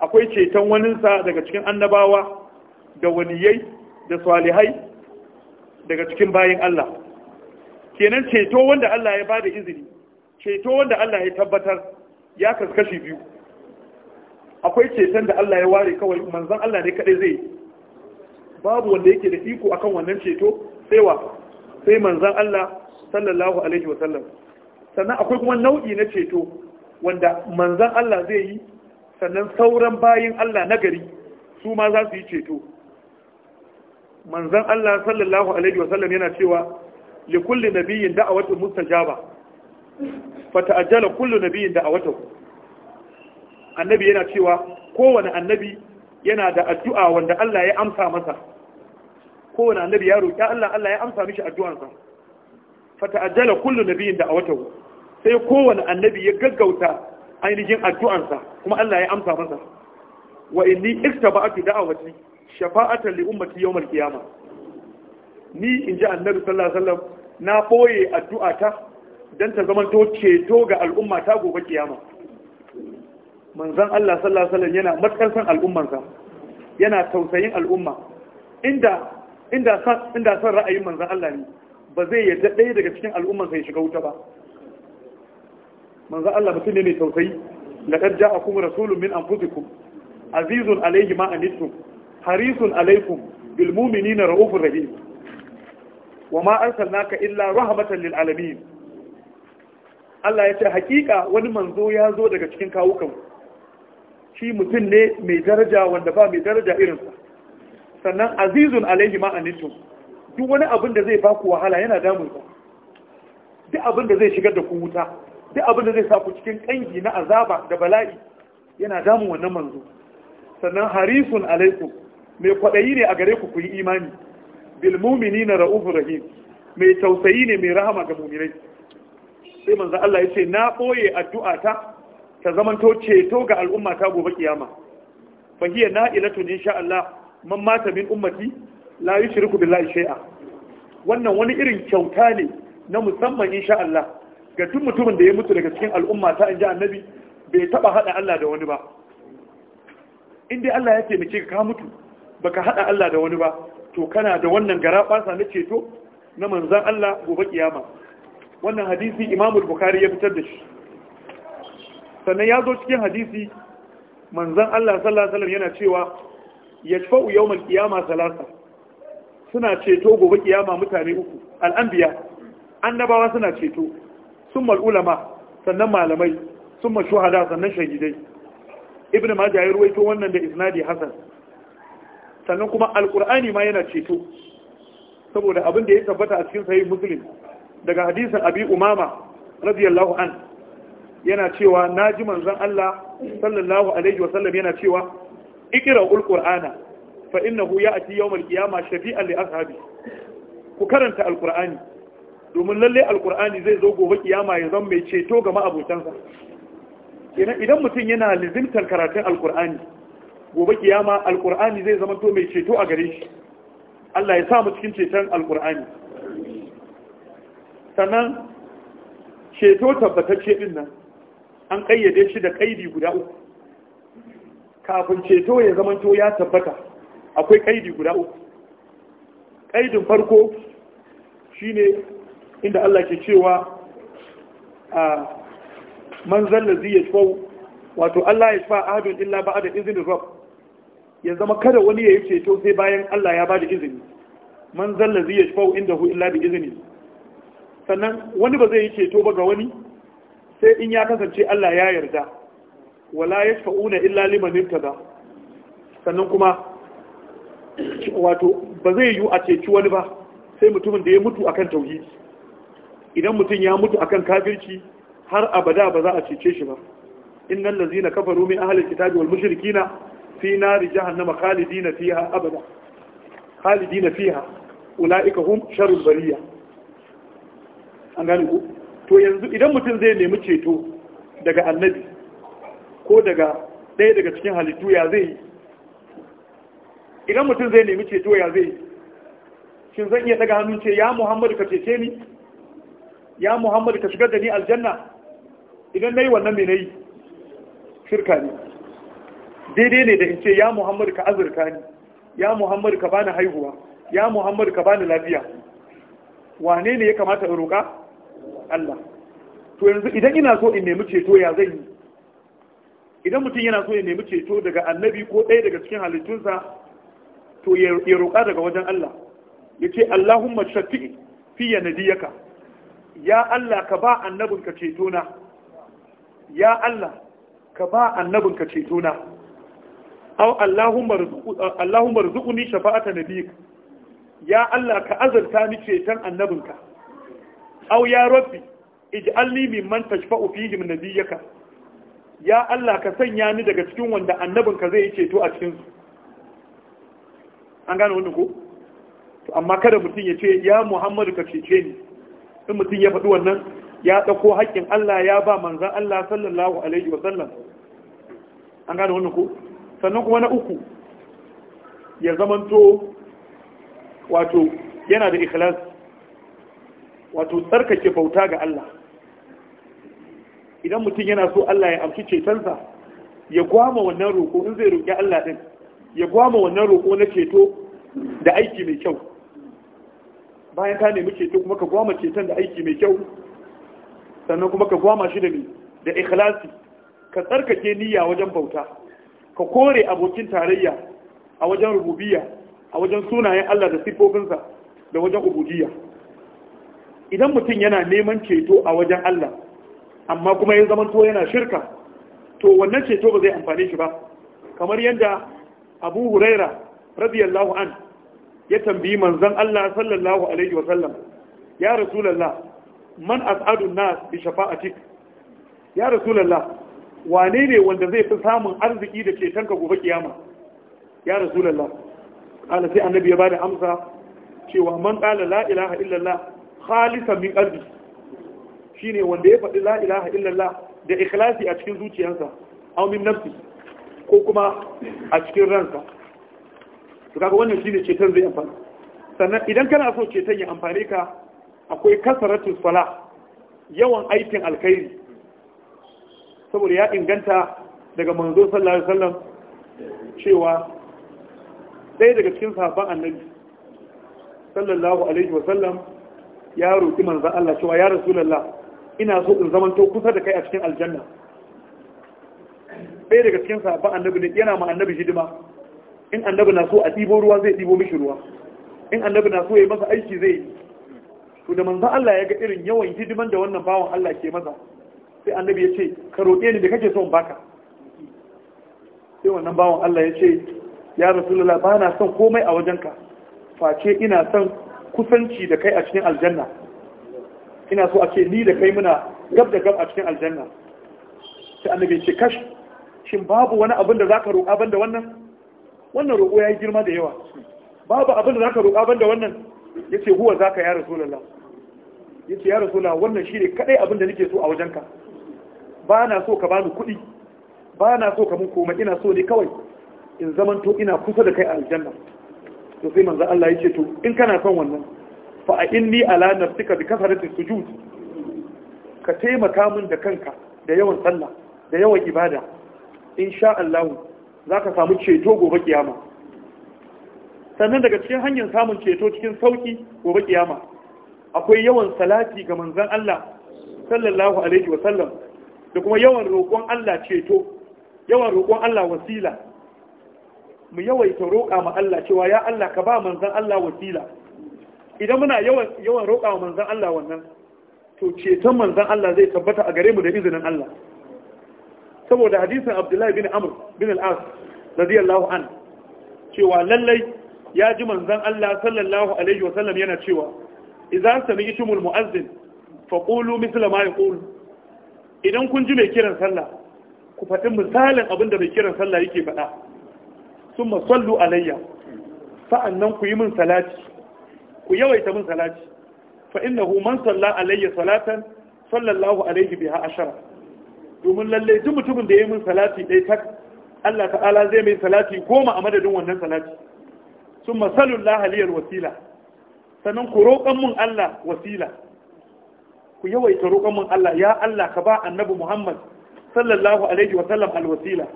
akwai ceton waninsa daga cikin annabawa da waliyai da salihai daga cikin bayin Allah kenan ceto wanda Allah ya bada izini ceto wanda Allah ya tabbatar ya kaskashi biyu akwai ceton da Allah ya ware kawai manzan Allah ne kadai zai babu wanda yake da iko akan wannan ceto sai wa sai manzan Allah sallallahu alaihi wa sallam sannan akwai kuma nau'i na ceto wanda manzan Allah zai yi sannan sauran bayin Allah na gari su ma za su yi ceto manzan Allah sallallahu alaihi wa sallam yana cewa kulli nabiyyin da'awatul mustajaba Fata fata'ajjala kullu nabiyyin da a awatahu annabi yana cewa kowane annabi yana da addu'a wanda Allah ya amsa masa kowane annabi ya roƙi Allah Allah ya amsa mishi addu'ansa Fata fata'ajjala kullu nabiyyin da a awatahu sai kowane annabi ya gaggauta ainihin addu'ansa kuma Allah ya amsa masa wa inni ba iktaba'atu da'awati shafa'atan li ummati yawmal qiyamah ni inji annabi sallallahu alaihi wasallam na boye addu'ata don ta zama to ceto ga al'umma ta gobe kiyama manzan Allah sallallahu alaihi yana matsar al'ummansa yana tausayin al'umma inda inda san ra'ayin manzan Allah ne ba zai yadda ɗaya daga cikin al'ummansa ya shiga wuta ba manzan Allah mutum ne mai tausayi a kuma rasulun min anfusikum azizun alayhi ma harisun alaikum bil na ra'ufur rahim wa ma arsalnaka illa rahmatan lil alamin Allah ya ce hakika wani manzo ya zo daga cikin kawukan shi mutum ne mai daraja wanda ba mai daraja irinsa sannan azizun alaihi ma duk wani abin da zai ba ku wahala yana damun ku duk abin da zai shigar da ku wuta duk abin da zai sa ku cikin kangi na azaba da bala'i yana damun wannan manzo sannan harisun alaikum mai kwaɗayi ne a gare ku ku yi imani bil mu'minina ra'ufur rahim mai tausayi ne mai rahama ga mu'minai sai manzo Allah ya ce na boye addu'a ta ta zamanto ceto ga al'umma ta gobe kiyama fa hiya na insha Allah man mata min ummati la yushriku billahi shay'a wannan wani irin kyauta ne na musamman insha Allah ga duk mutumin da ya mutu daga cikin al'umma ta inji annabi bai taba hada Allah da wani ba in dai Allah ya taimaki ka ka mutu baka hada Allah da wani ba to kana da wannan gara basa na ceto na manzan Allah gobe kiyama wannan hadisi imamul bukari ya fitar da shi sannan ya zo cikin hadisi manzan Allah sallallahu yana cewa yashfa'u mai ƙiyama salasa suna ceto gobe ƙiyama mutane uku al'anbiya annabawa suna ceto sun malulama sannan malamai sun summa shuhada sannan shahidai ibnu majah ya ruwaito wannan da isnadi hasan sannan kuma alqur'ani ma yana ceto saboda abin da ya tabbata a cikin sahih muslim daga hadisin abi umama radiyallahu an yana cewa na ji manzon Allah sallallahu alaihi wasallam yana cewa ikira alqur'ana fa innahu ya'ti yawm alqiyama shafi'an li ashabi ku karanta alqur'ani domin lalle alqur'ani zai zo gobe kiyama ya zama mai ceto ga ma'abotansa idan mutum yana lizimtar karatun alqur'ani gobe kiyama alqur'ani zai zama to mai ceto a gare shi Allah ya sa mu cikin ceton alqur'ani sannan ceto tabbatacce din nan an kayyade shi da kaidi guda uku kafin ceto ya zamanto ya tabbata akwai kaidi guda uku kaidin farko shine inda Allah ke cewa a ah, manzan da zai wato Allah ya shafa ahadun illa ba da izinin rab ya zama kada wani ya yi ceto sai bayan Allah ya ba da izini Man da zai yashfau inda hu illa da izini sannan wani ba zai yi ceto ba ga wani sai in ya kasance Allah ya yarda wala ya fa'una illa liman irtada sannan kuma wato ba zai yi a ceci wani ba sai mutumin da ya mutu akan tauhidi idan mutum ya mutu akan kafirci har abada ba za a cece shi ba innal ladzina kafaru min ahli kitabi wal mushrikina fi nari jahannama khalidina fiha abada khalidina fiha ulaika hum sharrul bariyah an gane ku to yanzu idan mutum zai nemi ceto daga annabi ko daga ɗaya daga cikin halittu ya zai yi idan mutum zai nemi ceto ya zai yi shin zan iya daga hannun ce ya muhammadu ka cece ni ya muhammadu ka shigar da ni aljanna idan na yi wannan mai na yi shirka ne daidai ne da in ce ya muhammadu ka azurka ni ya muhammadu ka bani haihuwa ya muhammadu ka bani lafiya wane ne ya kamata in roƙa Allah to yanzu idan ina so in nemi ceto ya zan yi idan mutum yana so ya nemi ceto daga annabi ko ɗaya daga cikin halittunsa to ya roƙa daga wajen Allah ya ce Allahumma shafi'i fi yanadiyaka ya Allah ka ba annabinka ceto na ya Allah ka ba annabinka ceto na aw Allahumma rzuqni shafa'ata nabiyik ya Allah ka azarta ni ceton annabinka aw ya rabbi ij'alni mimman tashfa'u fihi min nabiyyaka ya Allah ka sanya ni daga cikin wanda annabin ka zai yi ceto a cikin su an gane wannan ko to amma kada mutum ya ce ya Muhammadu ka cece ni in mutum ya faɗi wannan ya ɗauko haƙƙin Allah ya ba manzan Allah sallallahu alaihi wasallam an gane wannan ko sannan kuma na uku ya zamanto wato yana da ikhlas wato tsarkake bauta ga Allah idan mutum yana so Allah ya amfi cetonsa ya gwama wannan roƙo in zai roƙi Allah ɗin ya gwama wannan roƙo na ceto da aiki mai kyau bayan ka nemi ceto kuma ka gwama ceton da aiki mai kyau sannan kuma ka gwama shi da mai da ikhlasi ka tsarkake niyya wajen bauta ka kore abokin tarayya a wajen rububiyya a wajen sunayen Allah da siffofinsa da wajen ubudiyya idan mutum yana neman ceto a wajen Allah amma kuma ya zama to yana shirka to wannan ceto ba zai amfane shi ba kamar yadda Abu Huraira radiyallahu an ya tambayi manzon Allah sallallahu alaihi wa sallam ya rasulullah man as'adun nas bi shafa'atik ya rasulullah wane ne wanda zai fi samun arziki da cetonka gobe kiyama ya rasulullah qala sai annabi ya bada amsa cewa man qala la ilaha illallah khalisan min qalbi shine wanda ya faɗi la ilaha illallah da ikhlasi a cikin zuciyarsa aw min nafsi ko kuma a cikin ransa to kaga wannan shine ceton zai amfana sannan idan kana so ceton ya amfane ka akwai kasaratul sala yawan aikin alkhairi saboda ya inganta daga manzo sallallahu alaihi cewa ɗaya daga cikin safan annabi sallallahu alaihi wasallam ya roƙi manzan Allah cewa ya rasulallah ina so in zamanto kusa da kai a cikin aljanna ɗaya daga cikin sa ba annabi ne yana ma annabi hidima in annabi na so a ɗibo ruwa zai ɗibo mishi ruwa in annabi na so ya yi masa aiki zai yi to da manzan Allah ya ga irin yawan hidiman da wannan bawan Allah ke masa sai annabi ya ce ka roƙe ni da kake son baka sai wannan bawan Allah ya ce ya rasulullah ba na son komai a wajenka face ina son kusanci da kai a cikin aljanna ina so a ce ni da kai muna gab da gab a cikin aljanna sai annabi ce kash shin babu wani abin da zaka roƙa banda wannan wannan roƙo yayi girma da yawa babu abin da zaka roƙa banda wannan yace huwa zaka ya rasulullah yace ya rasulullah wannan shine kadai abin da nake so a wajenka ba na so ka bani kuɗi ba na so ka mun komai ina so ne kawai in zamanto ina kusa da kai a aljanna to sai manzo Allah ya to in kana son wannan fa a inni ala nafsika bi kasarati sujud ka taimaka min da kanka da yawan sallah da yawan ibada insha Allah zaka samu ceto gobe kiyama sannan daga cikin hanyar samun ceto cikin sauki gobe kiyama akwai yawan salati ga manzon Allah sallallahu alaihi wa sallam da kuma yawan roƙon Allah ceto yawan roƙon Allah wasila mu yawaita roƙa ma Allah cewa ya Allah ka ba manzan Allah wasila idan muna yawan yawan roƙa ma manzan Allah wannan to ceton manzan Allah zai tabbata a gare mu da izinin Allah saboda hadisin Abdullahi bin Amr bin al-As radiyallahu an cewa lallai ya ji manzan Allah sallallahu alaihi wa sallam yana cewa idza sami'tumul mu'azzin faqulu mithla ma yaqul idan kun ji mai kiran sallah ku faɗi misalin abin da mai kiran sallah yake faɗa summa sallu alayya sa'annan ku yi min salati ku yawaita min salati fa innahu man salla alayya salatan sallallahu alayhi biha ashara domin lalle duk mutumin da ya yi min salati dai tak Allah ta'ala zai mai salati goma a madadin wannan salati Sun sallu lahaliyar wasila sannan ku roƙan mun Allah wasila ku yawaita roƙon mun Allah ya Allah ka ba annabi Muhammad sallallahu alaihi wa sallam alwasila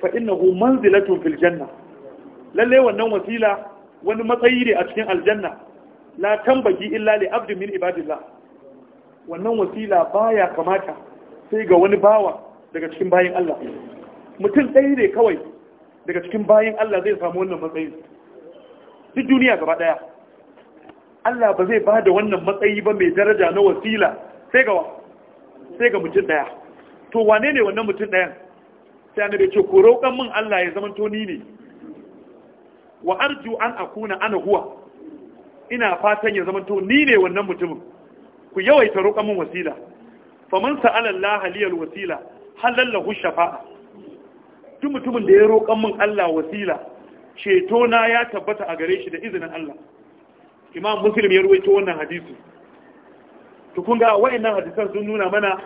fa innahu manzilatun fil janna Lallai wannan wasila wani matsayi ne a cikin aljanna la tambaki illa li abdin wannan wasila baya kamata sai ga wani bawa daga cikin bayan Allah mutum ɗaya ne kawai daga cikin bayan Allah zai samu wannan matsayi duk duniya gaba ɗaya Allah ba zai ba da wannan matsayi ba mai daraja na wasila sai ga sai ga mutum ɗaya to wane ne wannan mutum ɗayan sai annabi ce ko roƙon min Allah ya zama to ni ne wa arju an akuna ana huwa ina fatan ya zama ni ne wannan mutumin ku yawaita roƙon min wasila faman sa'ala Allah haliyal wasila halallahu shafa'a duk mutumin da ya roƙon min Allah wasila ceto na ya tabbata a gare shi da izinin Allah imam muslim ya ruwaito wannan hadisi to kun ga wa'annan hadisan sun nuna mana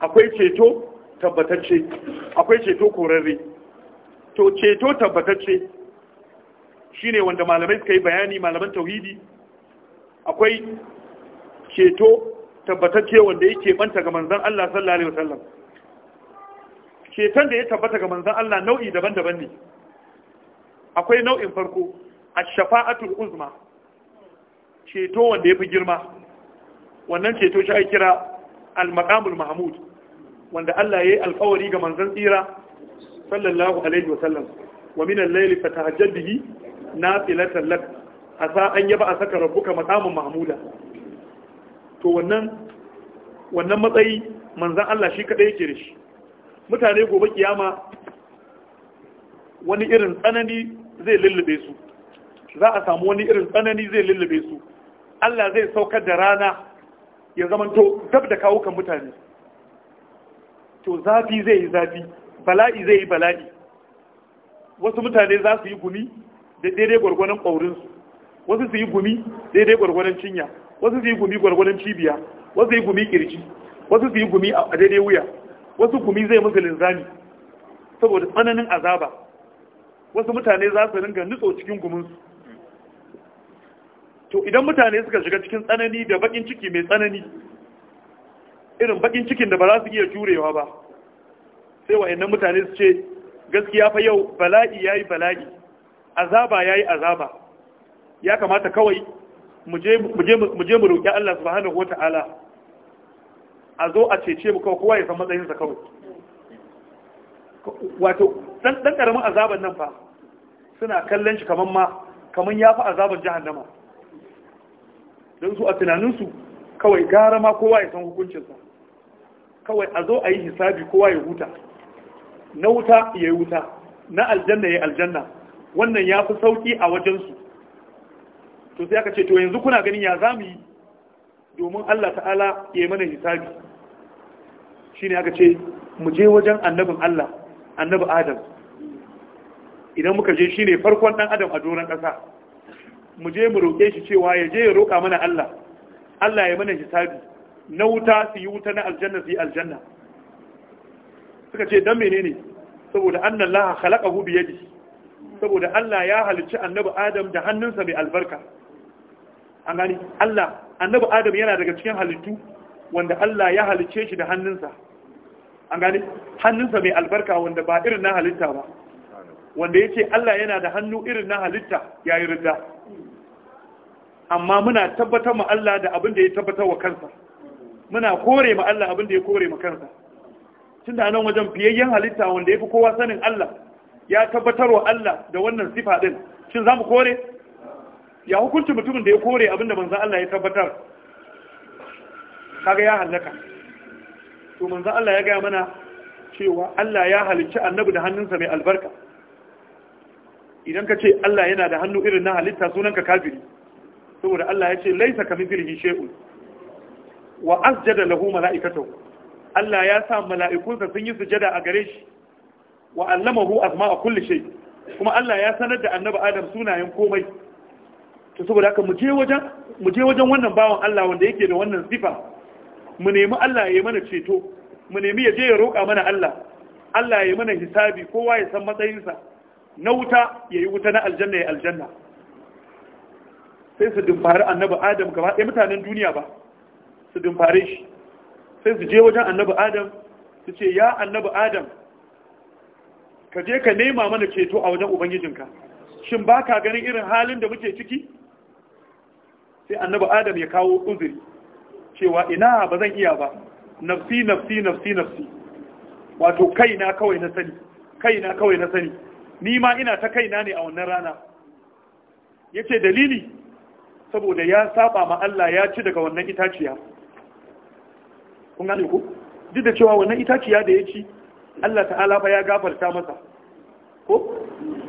akwai ceto tabbatacce akwai ceto korarre to ceto tabbatacce shine wanda malamai suka yi bayani malaman tauhidi akwai ceto tabbatacce wanda yake banta ga manzon Allah sallallahu alaihi wasallam ceton da ya tabbata ga manzon Allah nau'i daban-daban ne akwai nau'in farko ash-shafa'atul uzma ceto wanda yafi girma wannan ceto shi ake kira al-maqamul mahmud wanda Allah ya yi alkawari ga manzan tsira sallallahu alaihi wasallam wa min al-layli fatahajjad bihi nafilatan lak asa an yaba a saka rabbuka maqaman mahmuda to wannan wannan matsayi manzan Allah shi kadai yake da shi mutane gobe kiyama wani irin tsanani zai lullube su za a samu wani irin tsanani zai lullube su Allah zai saukar da rana ya zamanto dab da kawukan mutane to zafi zai yi zafi bala'i zai yi bala'i wasu mutane za su yi gumi da daidai gwargwanon ƙaurinsu wasu su yi gumi daidai gwargwanon cinya wasu su yi gumi gwargwanon cibiya wasu yi gumi kirji wasu su yi gumi a daidai wuya wasu gumi zai musu linzami saboda tsananin azaba wasu mutane za su ringa nutso cikin guminsu to idan mutane suka shiga cikin tsanani da bakin ciki mai tsanani irin bakin cikin da ba za su iya jurewa ba sai wa'annan mutane su ce gaskiya fa yau bala'i yayi bala'i azaba yayi azaba ya kamata kawai mu je mu roƙi Allah subhanahu wata'ala a zo a cece mu kawai kowa ya san matsayinsa kawai wato dan karamin azaban nan fa suna kallon shi kaman ma kaman ya fi azaban jahannama don su a tunaninsu kawai gara ma kowa ya san hukuncinsa kawai a zo a yi hisabi kowa ya huta na wuta ya yi wuta na aljanna ya yi aljanna wannan ya fi sauki a wajensu to sai aka ce to yanzu kuna ganin ya za mu yi domin Allah ta'ala ya yi mana hisabi shi ne aka ce mu je wajen annabin Allah annabi Adam idan muka je shi ne farkon ɗan Adam a doron ƙasa mu je mu roƙe shi cewa ya je ya roƙa mana Allah Allah ya mana hisabi na wuta su yi wuta na aljanna su yi aljanna suka ce don mene ne? saboda annan laha halaka hu yadi saboda Allah ya halicci annabi Adam da hannunsa mai albarka an gani Allah annabi Adam yana daga cikin halittu wanda Allah ya halicce shi da hannunsa an gani hannunsa mai albarka wanda ba irin na halitta ba wanda yace Allah yana da hannu irin na halitta yayi ridda amma muna tabbatar ma Allah da abin da ya tabbatar wa kansa muna kore ma Allah abin da ya kore ma kansa da nan wajen fiyayyen halitta wanda yafi kowa sanin Allah ya tabbatar wa Allah da wannan sifa din shin zamu kore ya hukunci mutumin da ya kore abin da Allah ya tabbatar kaga ya halaka to manzo Allah ya gaya mana cewa Allah ya halicci annabi da hannunsa mai albarka idan ka ce Allah yana da hannu irin na halitta sunanka kafiri saboda Allah ya ce laisa kamithlihi shay'un wa asjada lahu mala'ikatu Allah ya sa mala'ikunsa sun yi sujada a gare shi wa allamahu asma'a kulli shay kuma Allah ya sanar da annabi Adam sunayen komai to saboda haka mu je wajen mu wajen wannan bawan Allah wanda yake da wannan sifa mu nemi Allah ya yi mana ceto mu nemi ya je ya roƙa mana Allah Allah ya yi mana hisabi kowa ya san matsayinsa na wuta ya yi wuta na aljanna ya aljanna sai su dumfari annabi adam gaba ɗaya mutanen duniya ba su shi sai su je wajen annabi adam su ce ya annabi adam ka je ka nema mana ceto a wajen ubangijinka shin ba ka ganin irin halin da muke ciki sai annabi adam ya kawo uzuri cewa ina ba zan iya ba nafsi nafsi nafsi nafsi wato kaina kawai na sani kaina kawai na sani ni ma ina ta kaina ne a wannan rana yace dalili saboda ya saba ma Allah ya ci daga wannan itaciya kun gane ku? duk da cewa wannan itaciya da ya ci Allah ta'ala ba ya gafarta masa ko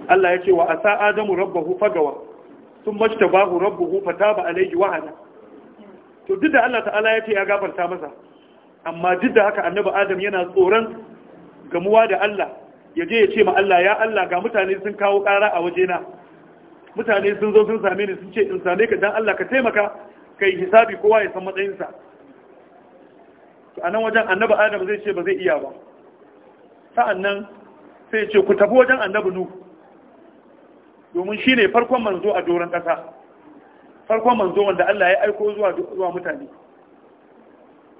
Allah ya ce wa asa adamu rabbahu fagawa sun mashta bahu rabbahu fataba alayhi wa ana to duk da Allah ta'ala ya ce ya gafarta masa amma duk da haka annabi adam yana tsoron gamuwa da Allah ya je ya ce ma Allah ya Allah ga mutane sun kawo ƙara a wajena mutane sun zo sun same ni sun ce in same ka dan Allah ka taimaka kai hisabi kowa ya san matsayinsa a nan wajen annabi adam zai ce ba zai iya ba sa'annan sai ce ku tafi wajen annabi nu domin shi ne farkon manzo a doron ƙasa farkon manzo wanda Allah ya aiko zuwa mutane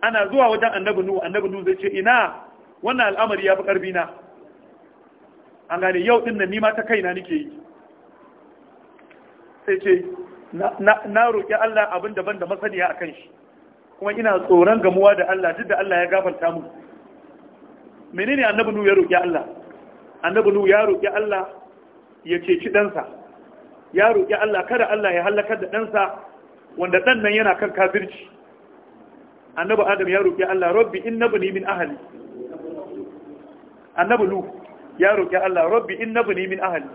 ana zuwa wajen annabi nu annabi nu zai ce ina wannan al'amari ya fi ƙarfi na an gane yau ɗin nan nima ta kaina nike yi sai ce na roƙi Allah abin daban da masaniya a kan shi kuma ina tsoron gamuwa da Allah duk da Allah ya gafarta mu menene annabi nu ya roki Allah annabi nu ya roki Allah ya ceci ɗansa ya roki Allah kada Allah ya halakar da ɗansa wanda ɗan nan yana kan kafirci annabi adam ya roki Allah rabbi innabni min ahli annabi nu ya roki Allah rabbi innabni min ahli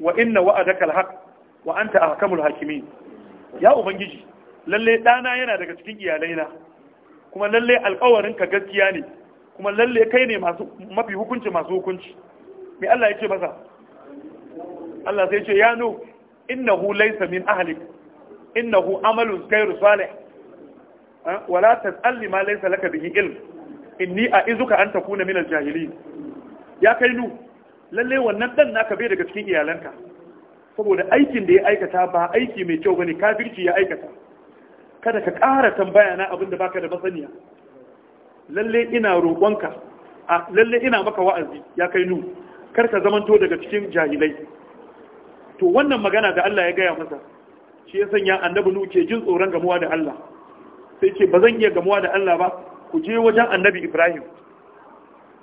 wa inna wa'adaka alhaq wa anta ahkamul hakimin ya ubangiji lalle ɗana yana daga cikin iyalaina kuma lalle alƙawarin ka gaskiya ne kuma lalle kai ne masu mafi hukunci masu hukunci me Allah ya ce masa Allah sai ya ce ya no innahu laysa min ahlik innahu amalun ghayru salih la tas'alni ma laysa laka bihi ilm inni a'izuka an takuna min al-jahilin ya kai nu lalle wannan dan naka bai daga cikin iyalanka saboda aikin da ya aikata ba aiki mai kyau bane kafirci ya aikata kada ka ƙara tambaya na abin da baka da masaniya lalle ina roƙonka a lalle ina maka wa'azi ya kai nu kar ka zamanto daga cikin jahilai to wannan magana da Allah ya gaya masa shi ya sanya annabi nu ke jin tsoron gamuwa da Allah sai ce ba zan iya gamuwa da Allah ba ku je wajen annabi Ibrahim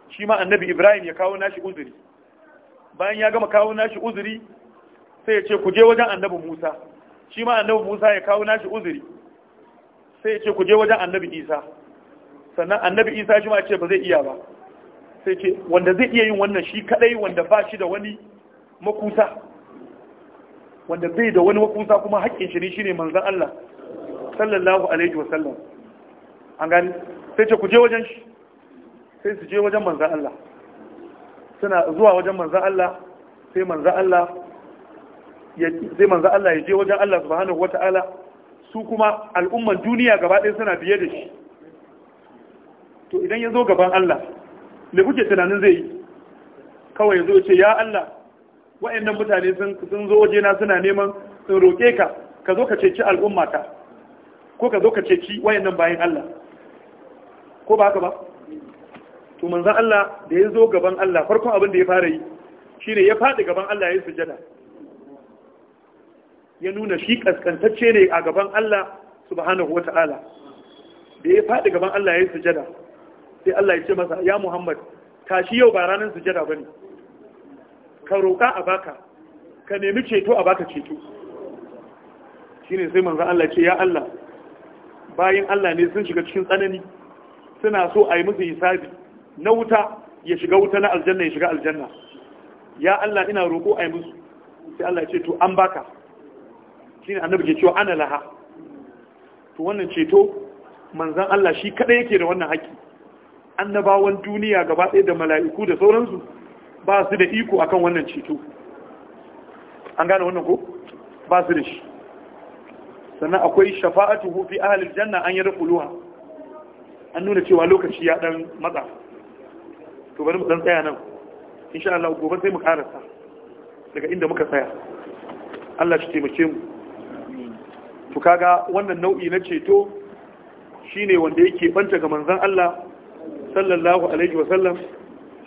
shi ma annabi Ibrahim ya kawo nashi uzuri bayan ya gama kawo nashi uzuri sai ya ce ku je wajen annabi Musa shi ma annabi Musa ya kawo nashi uzuri sai ce ku je wajen annabi isa sannan annabi isa shi ma ce ba zai iya ba sai ce wanda zai iya yin wannan shi kadai wanda ba shi da wani makusa wanda bai da wani makusa kuma haƙƙin shi ne ne manzan Allah sallallahu alaihi wa sallam an gani sai ce ku je wajen shi sai su je wajen manzan Allah suna zuwa wajen manzan Allah sai manzan Allah ya sai manzon Allah ya je wajen Allah subhanahu wataala su kuma al'umman duniya gaba ɗaya suna biye da shi to idan ya zo gaban Allah da kuke tunanin zai yi kawai ya zo ce ya Allah wa'annan mutane sun zo wajena suna neman sun roƙe ka ka zo ka ceci al'ummata ko ka zo ka ceci wa'annan bayan Allah ko ba haka ba to manzan Allah da ya zo gaban Allah farkon abin da ya fara yi shi ne ya faɗi gaban Allah ya yi sujada ya nuna shi kaskantacce ne a gaban Allah subhanahu wata'ala da ya faɗi gaban Allah ya yi sujada sai Allah ya ce masa ya Muhammad tashi yau ba ranar sujada bane ka roƙa a baka ka nemi ceto a baka ceto shine sai manzo Allah ce ya Allah bayan Allah ne sun shiga cikin tsanani suna so a yi musu hisabi na wuta ya shiga wuta na aljanna ya shiga aljanna ya Allah ina roƙo a yi musu sai Allah ya ce to an baka shine annabi ke cewa ana laha to wannan ceto manzan Allah shi kadai yake da wannan haƙi annabawan duniya gaba ɗaya da mala'iku da sauransu ba su da iko akan wannan ceto an gane wannan ko ba su da shi sannan akwai shafa'atu fi ahlil janna an yi rukuluha an nuna cewa lokaci ya dan matsa to bari mu dan tsaya nan insha Allah gobe sai mu karasa daga inda muka tsaya Allah shi taimake mu to kaga wannan nau'i na ceto shine wanda yake banta ga manzon Allah sallallahu alaihi wa sallam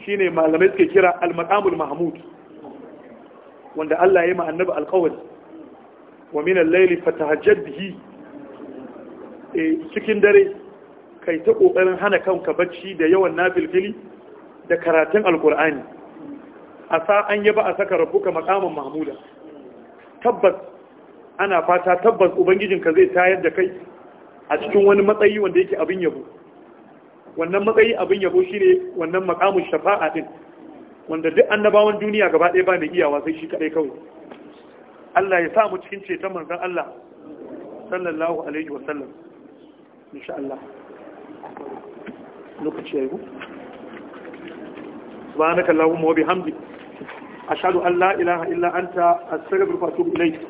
shine malamai suke kira al-maqamul mahmud wanda Allah ya yi ma annabi alƙawari wa min al-layli fatahajjad bihi eh, cikin dare kai ta kokarin hana kanka bacci da yawan nafilfili da karatun alkur'ani a sa an yaba a saka rabbuka maqaman mahmuda tabbas ana fata tabbas ubangijinka zai tayar da kai a cikin wani matsayi wanda yake abin yabo wannan matsayi abin yabo shine wannan makamun shafa'a din wanda duk annabawan duniya gaba ɗaya ba mai iyawa sai shi kadai kawai Allah ya sa mu cikin ceton manzon Allah sallallahu alaihi wa sallam insha Allah lokaci yayi subhanaka allahumma wa bihamdika ashhadu an la ilaha illa anta astaghfiruka wa atubu ilayk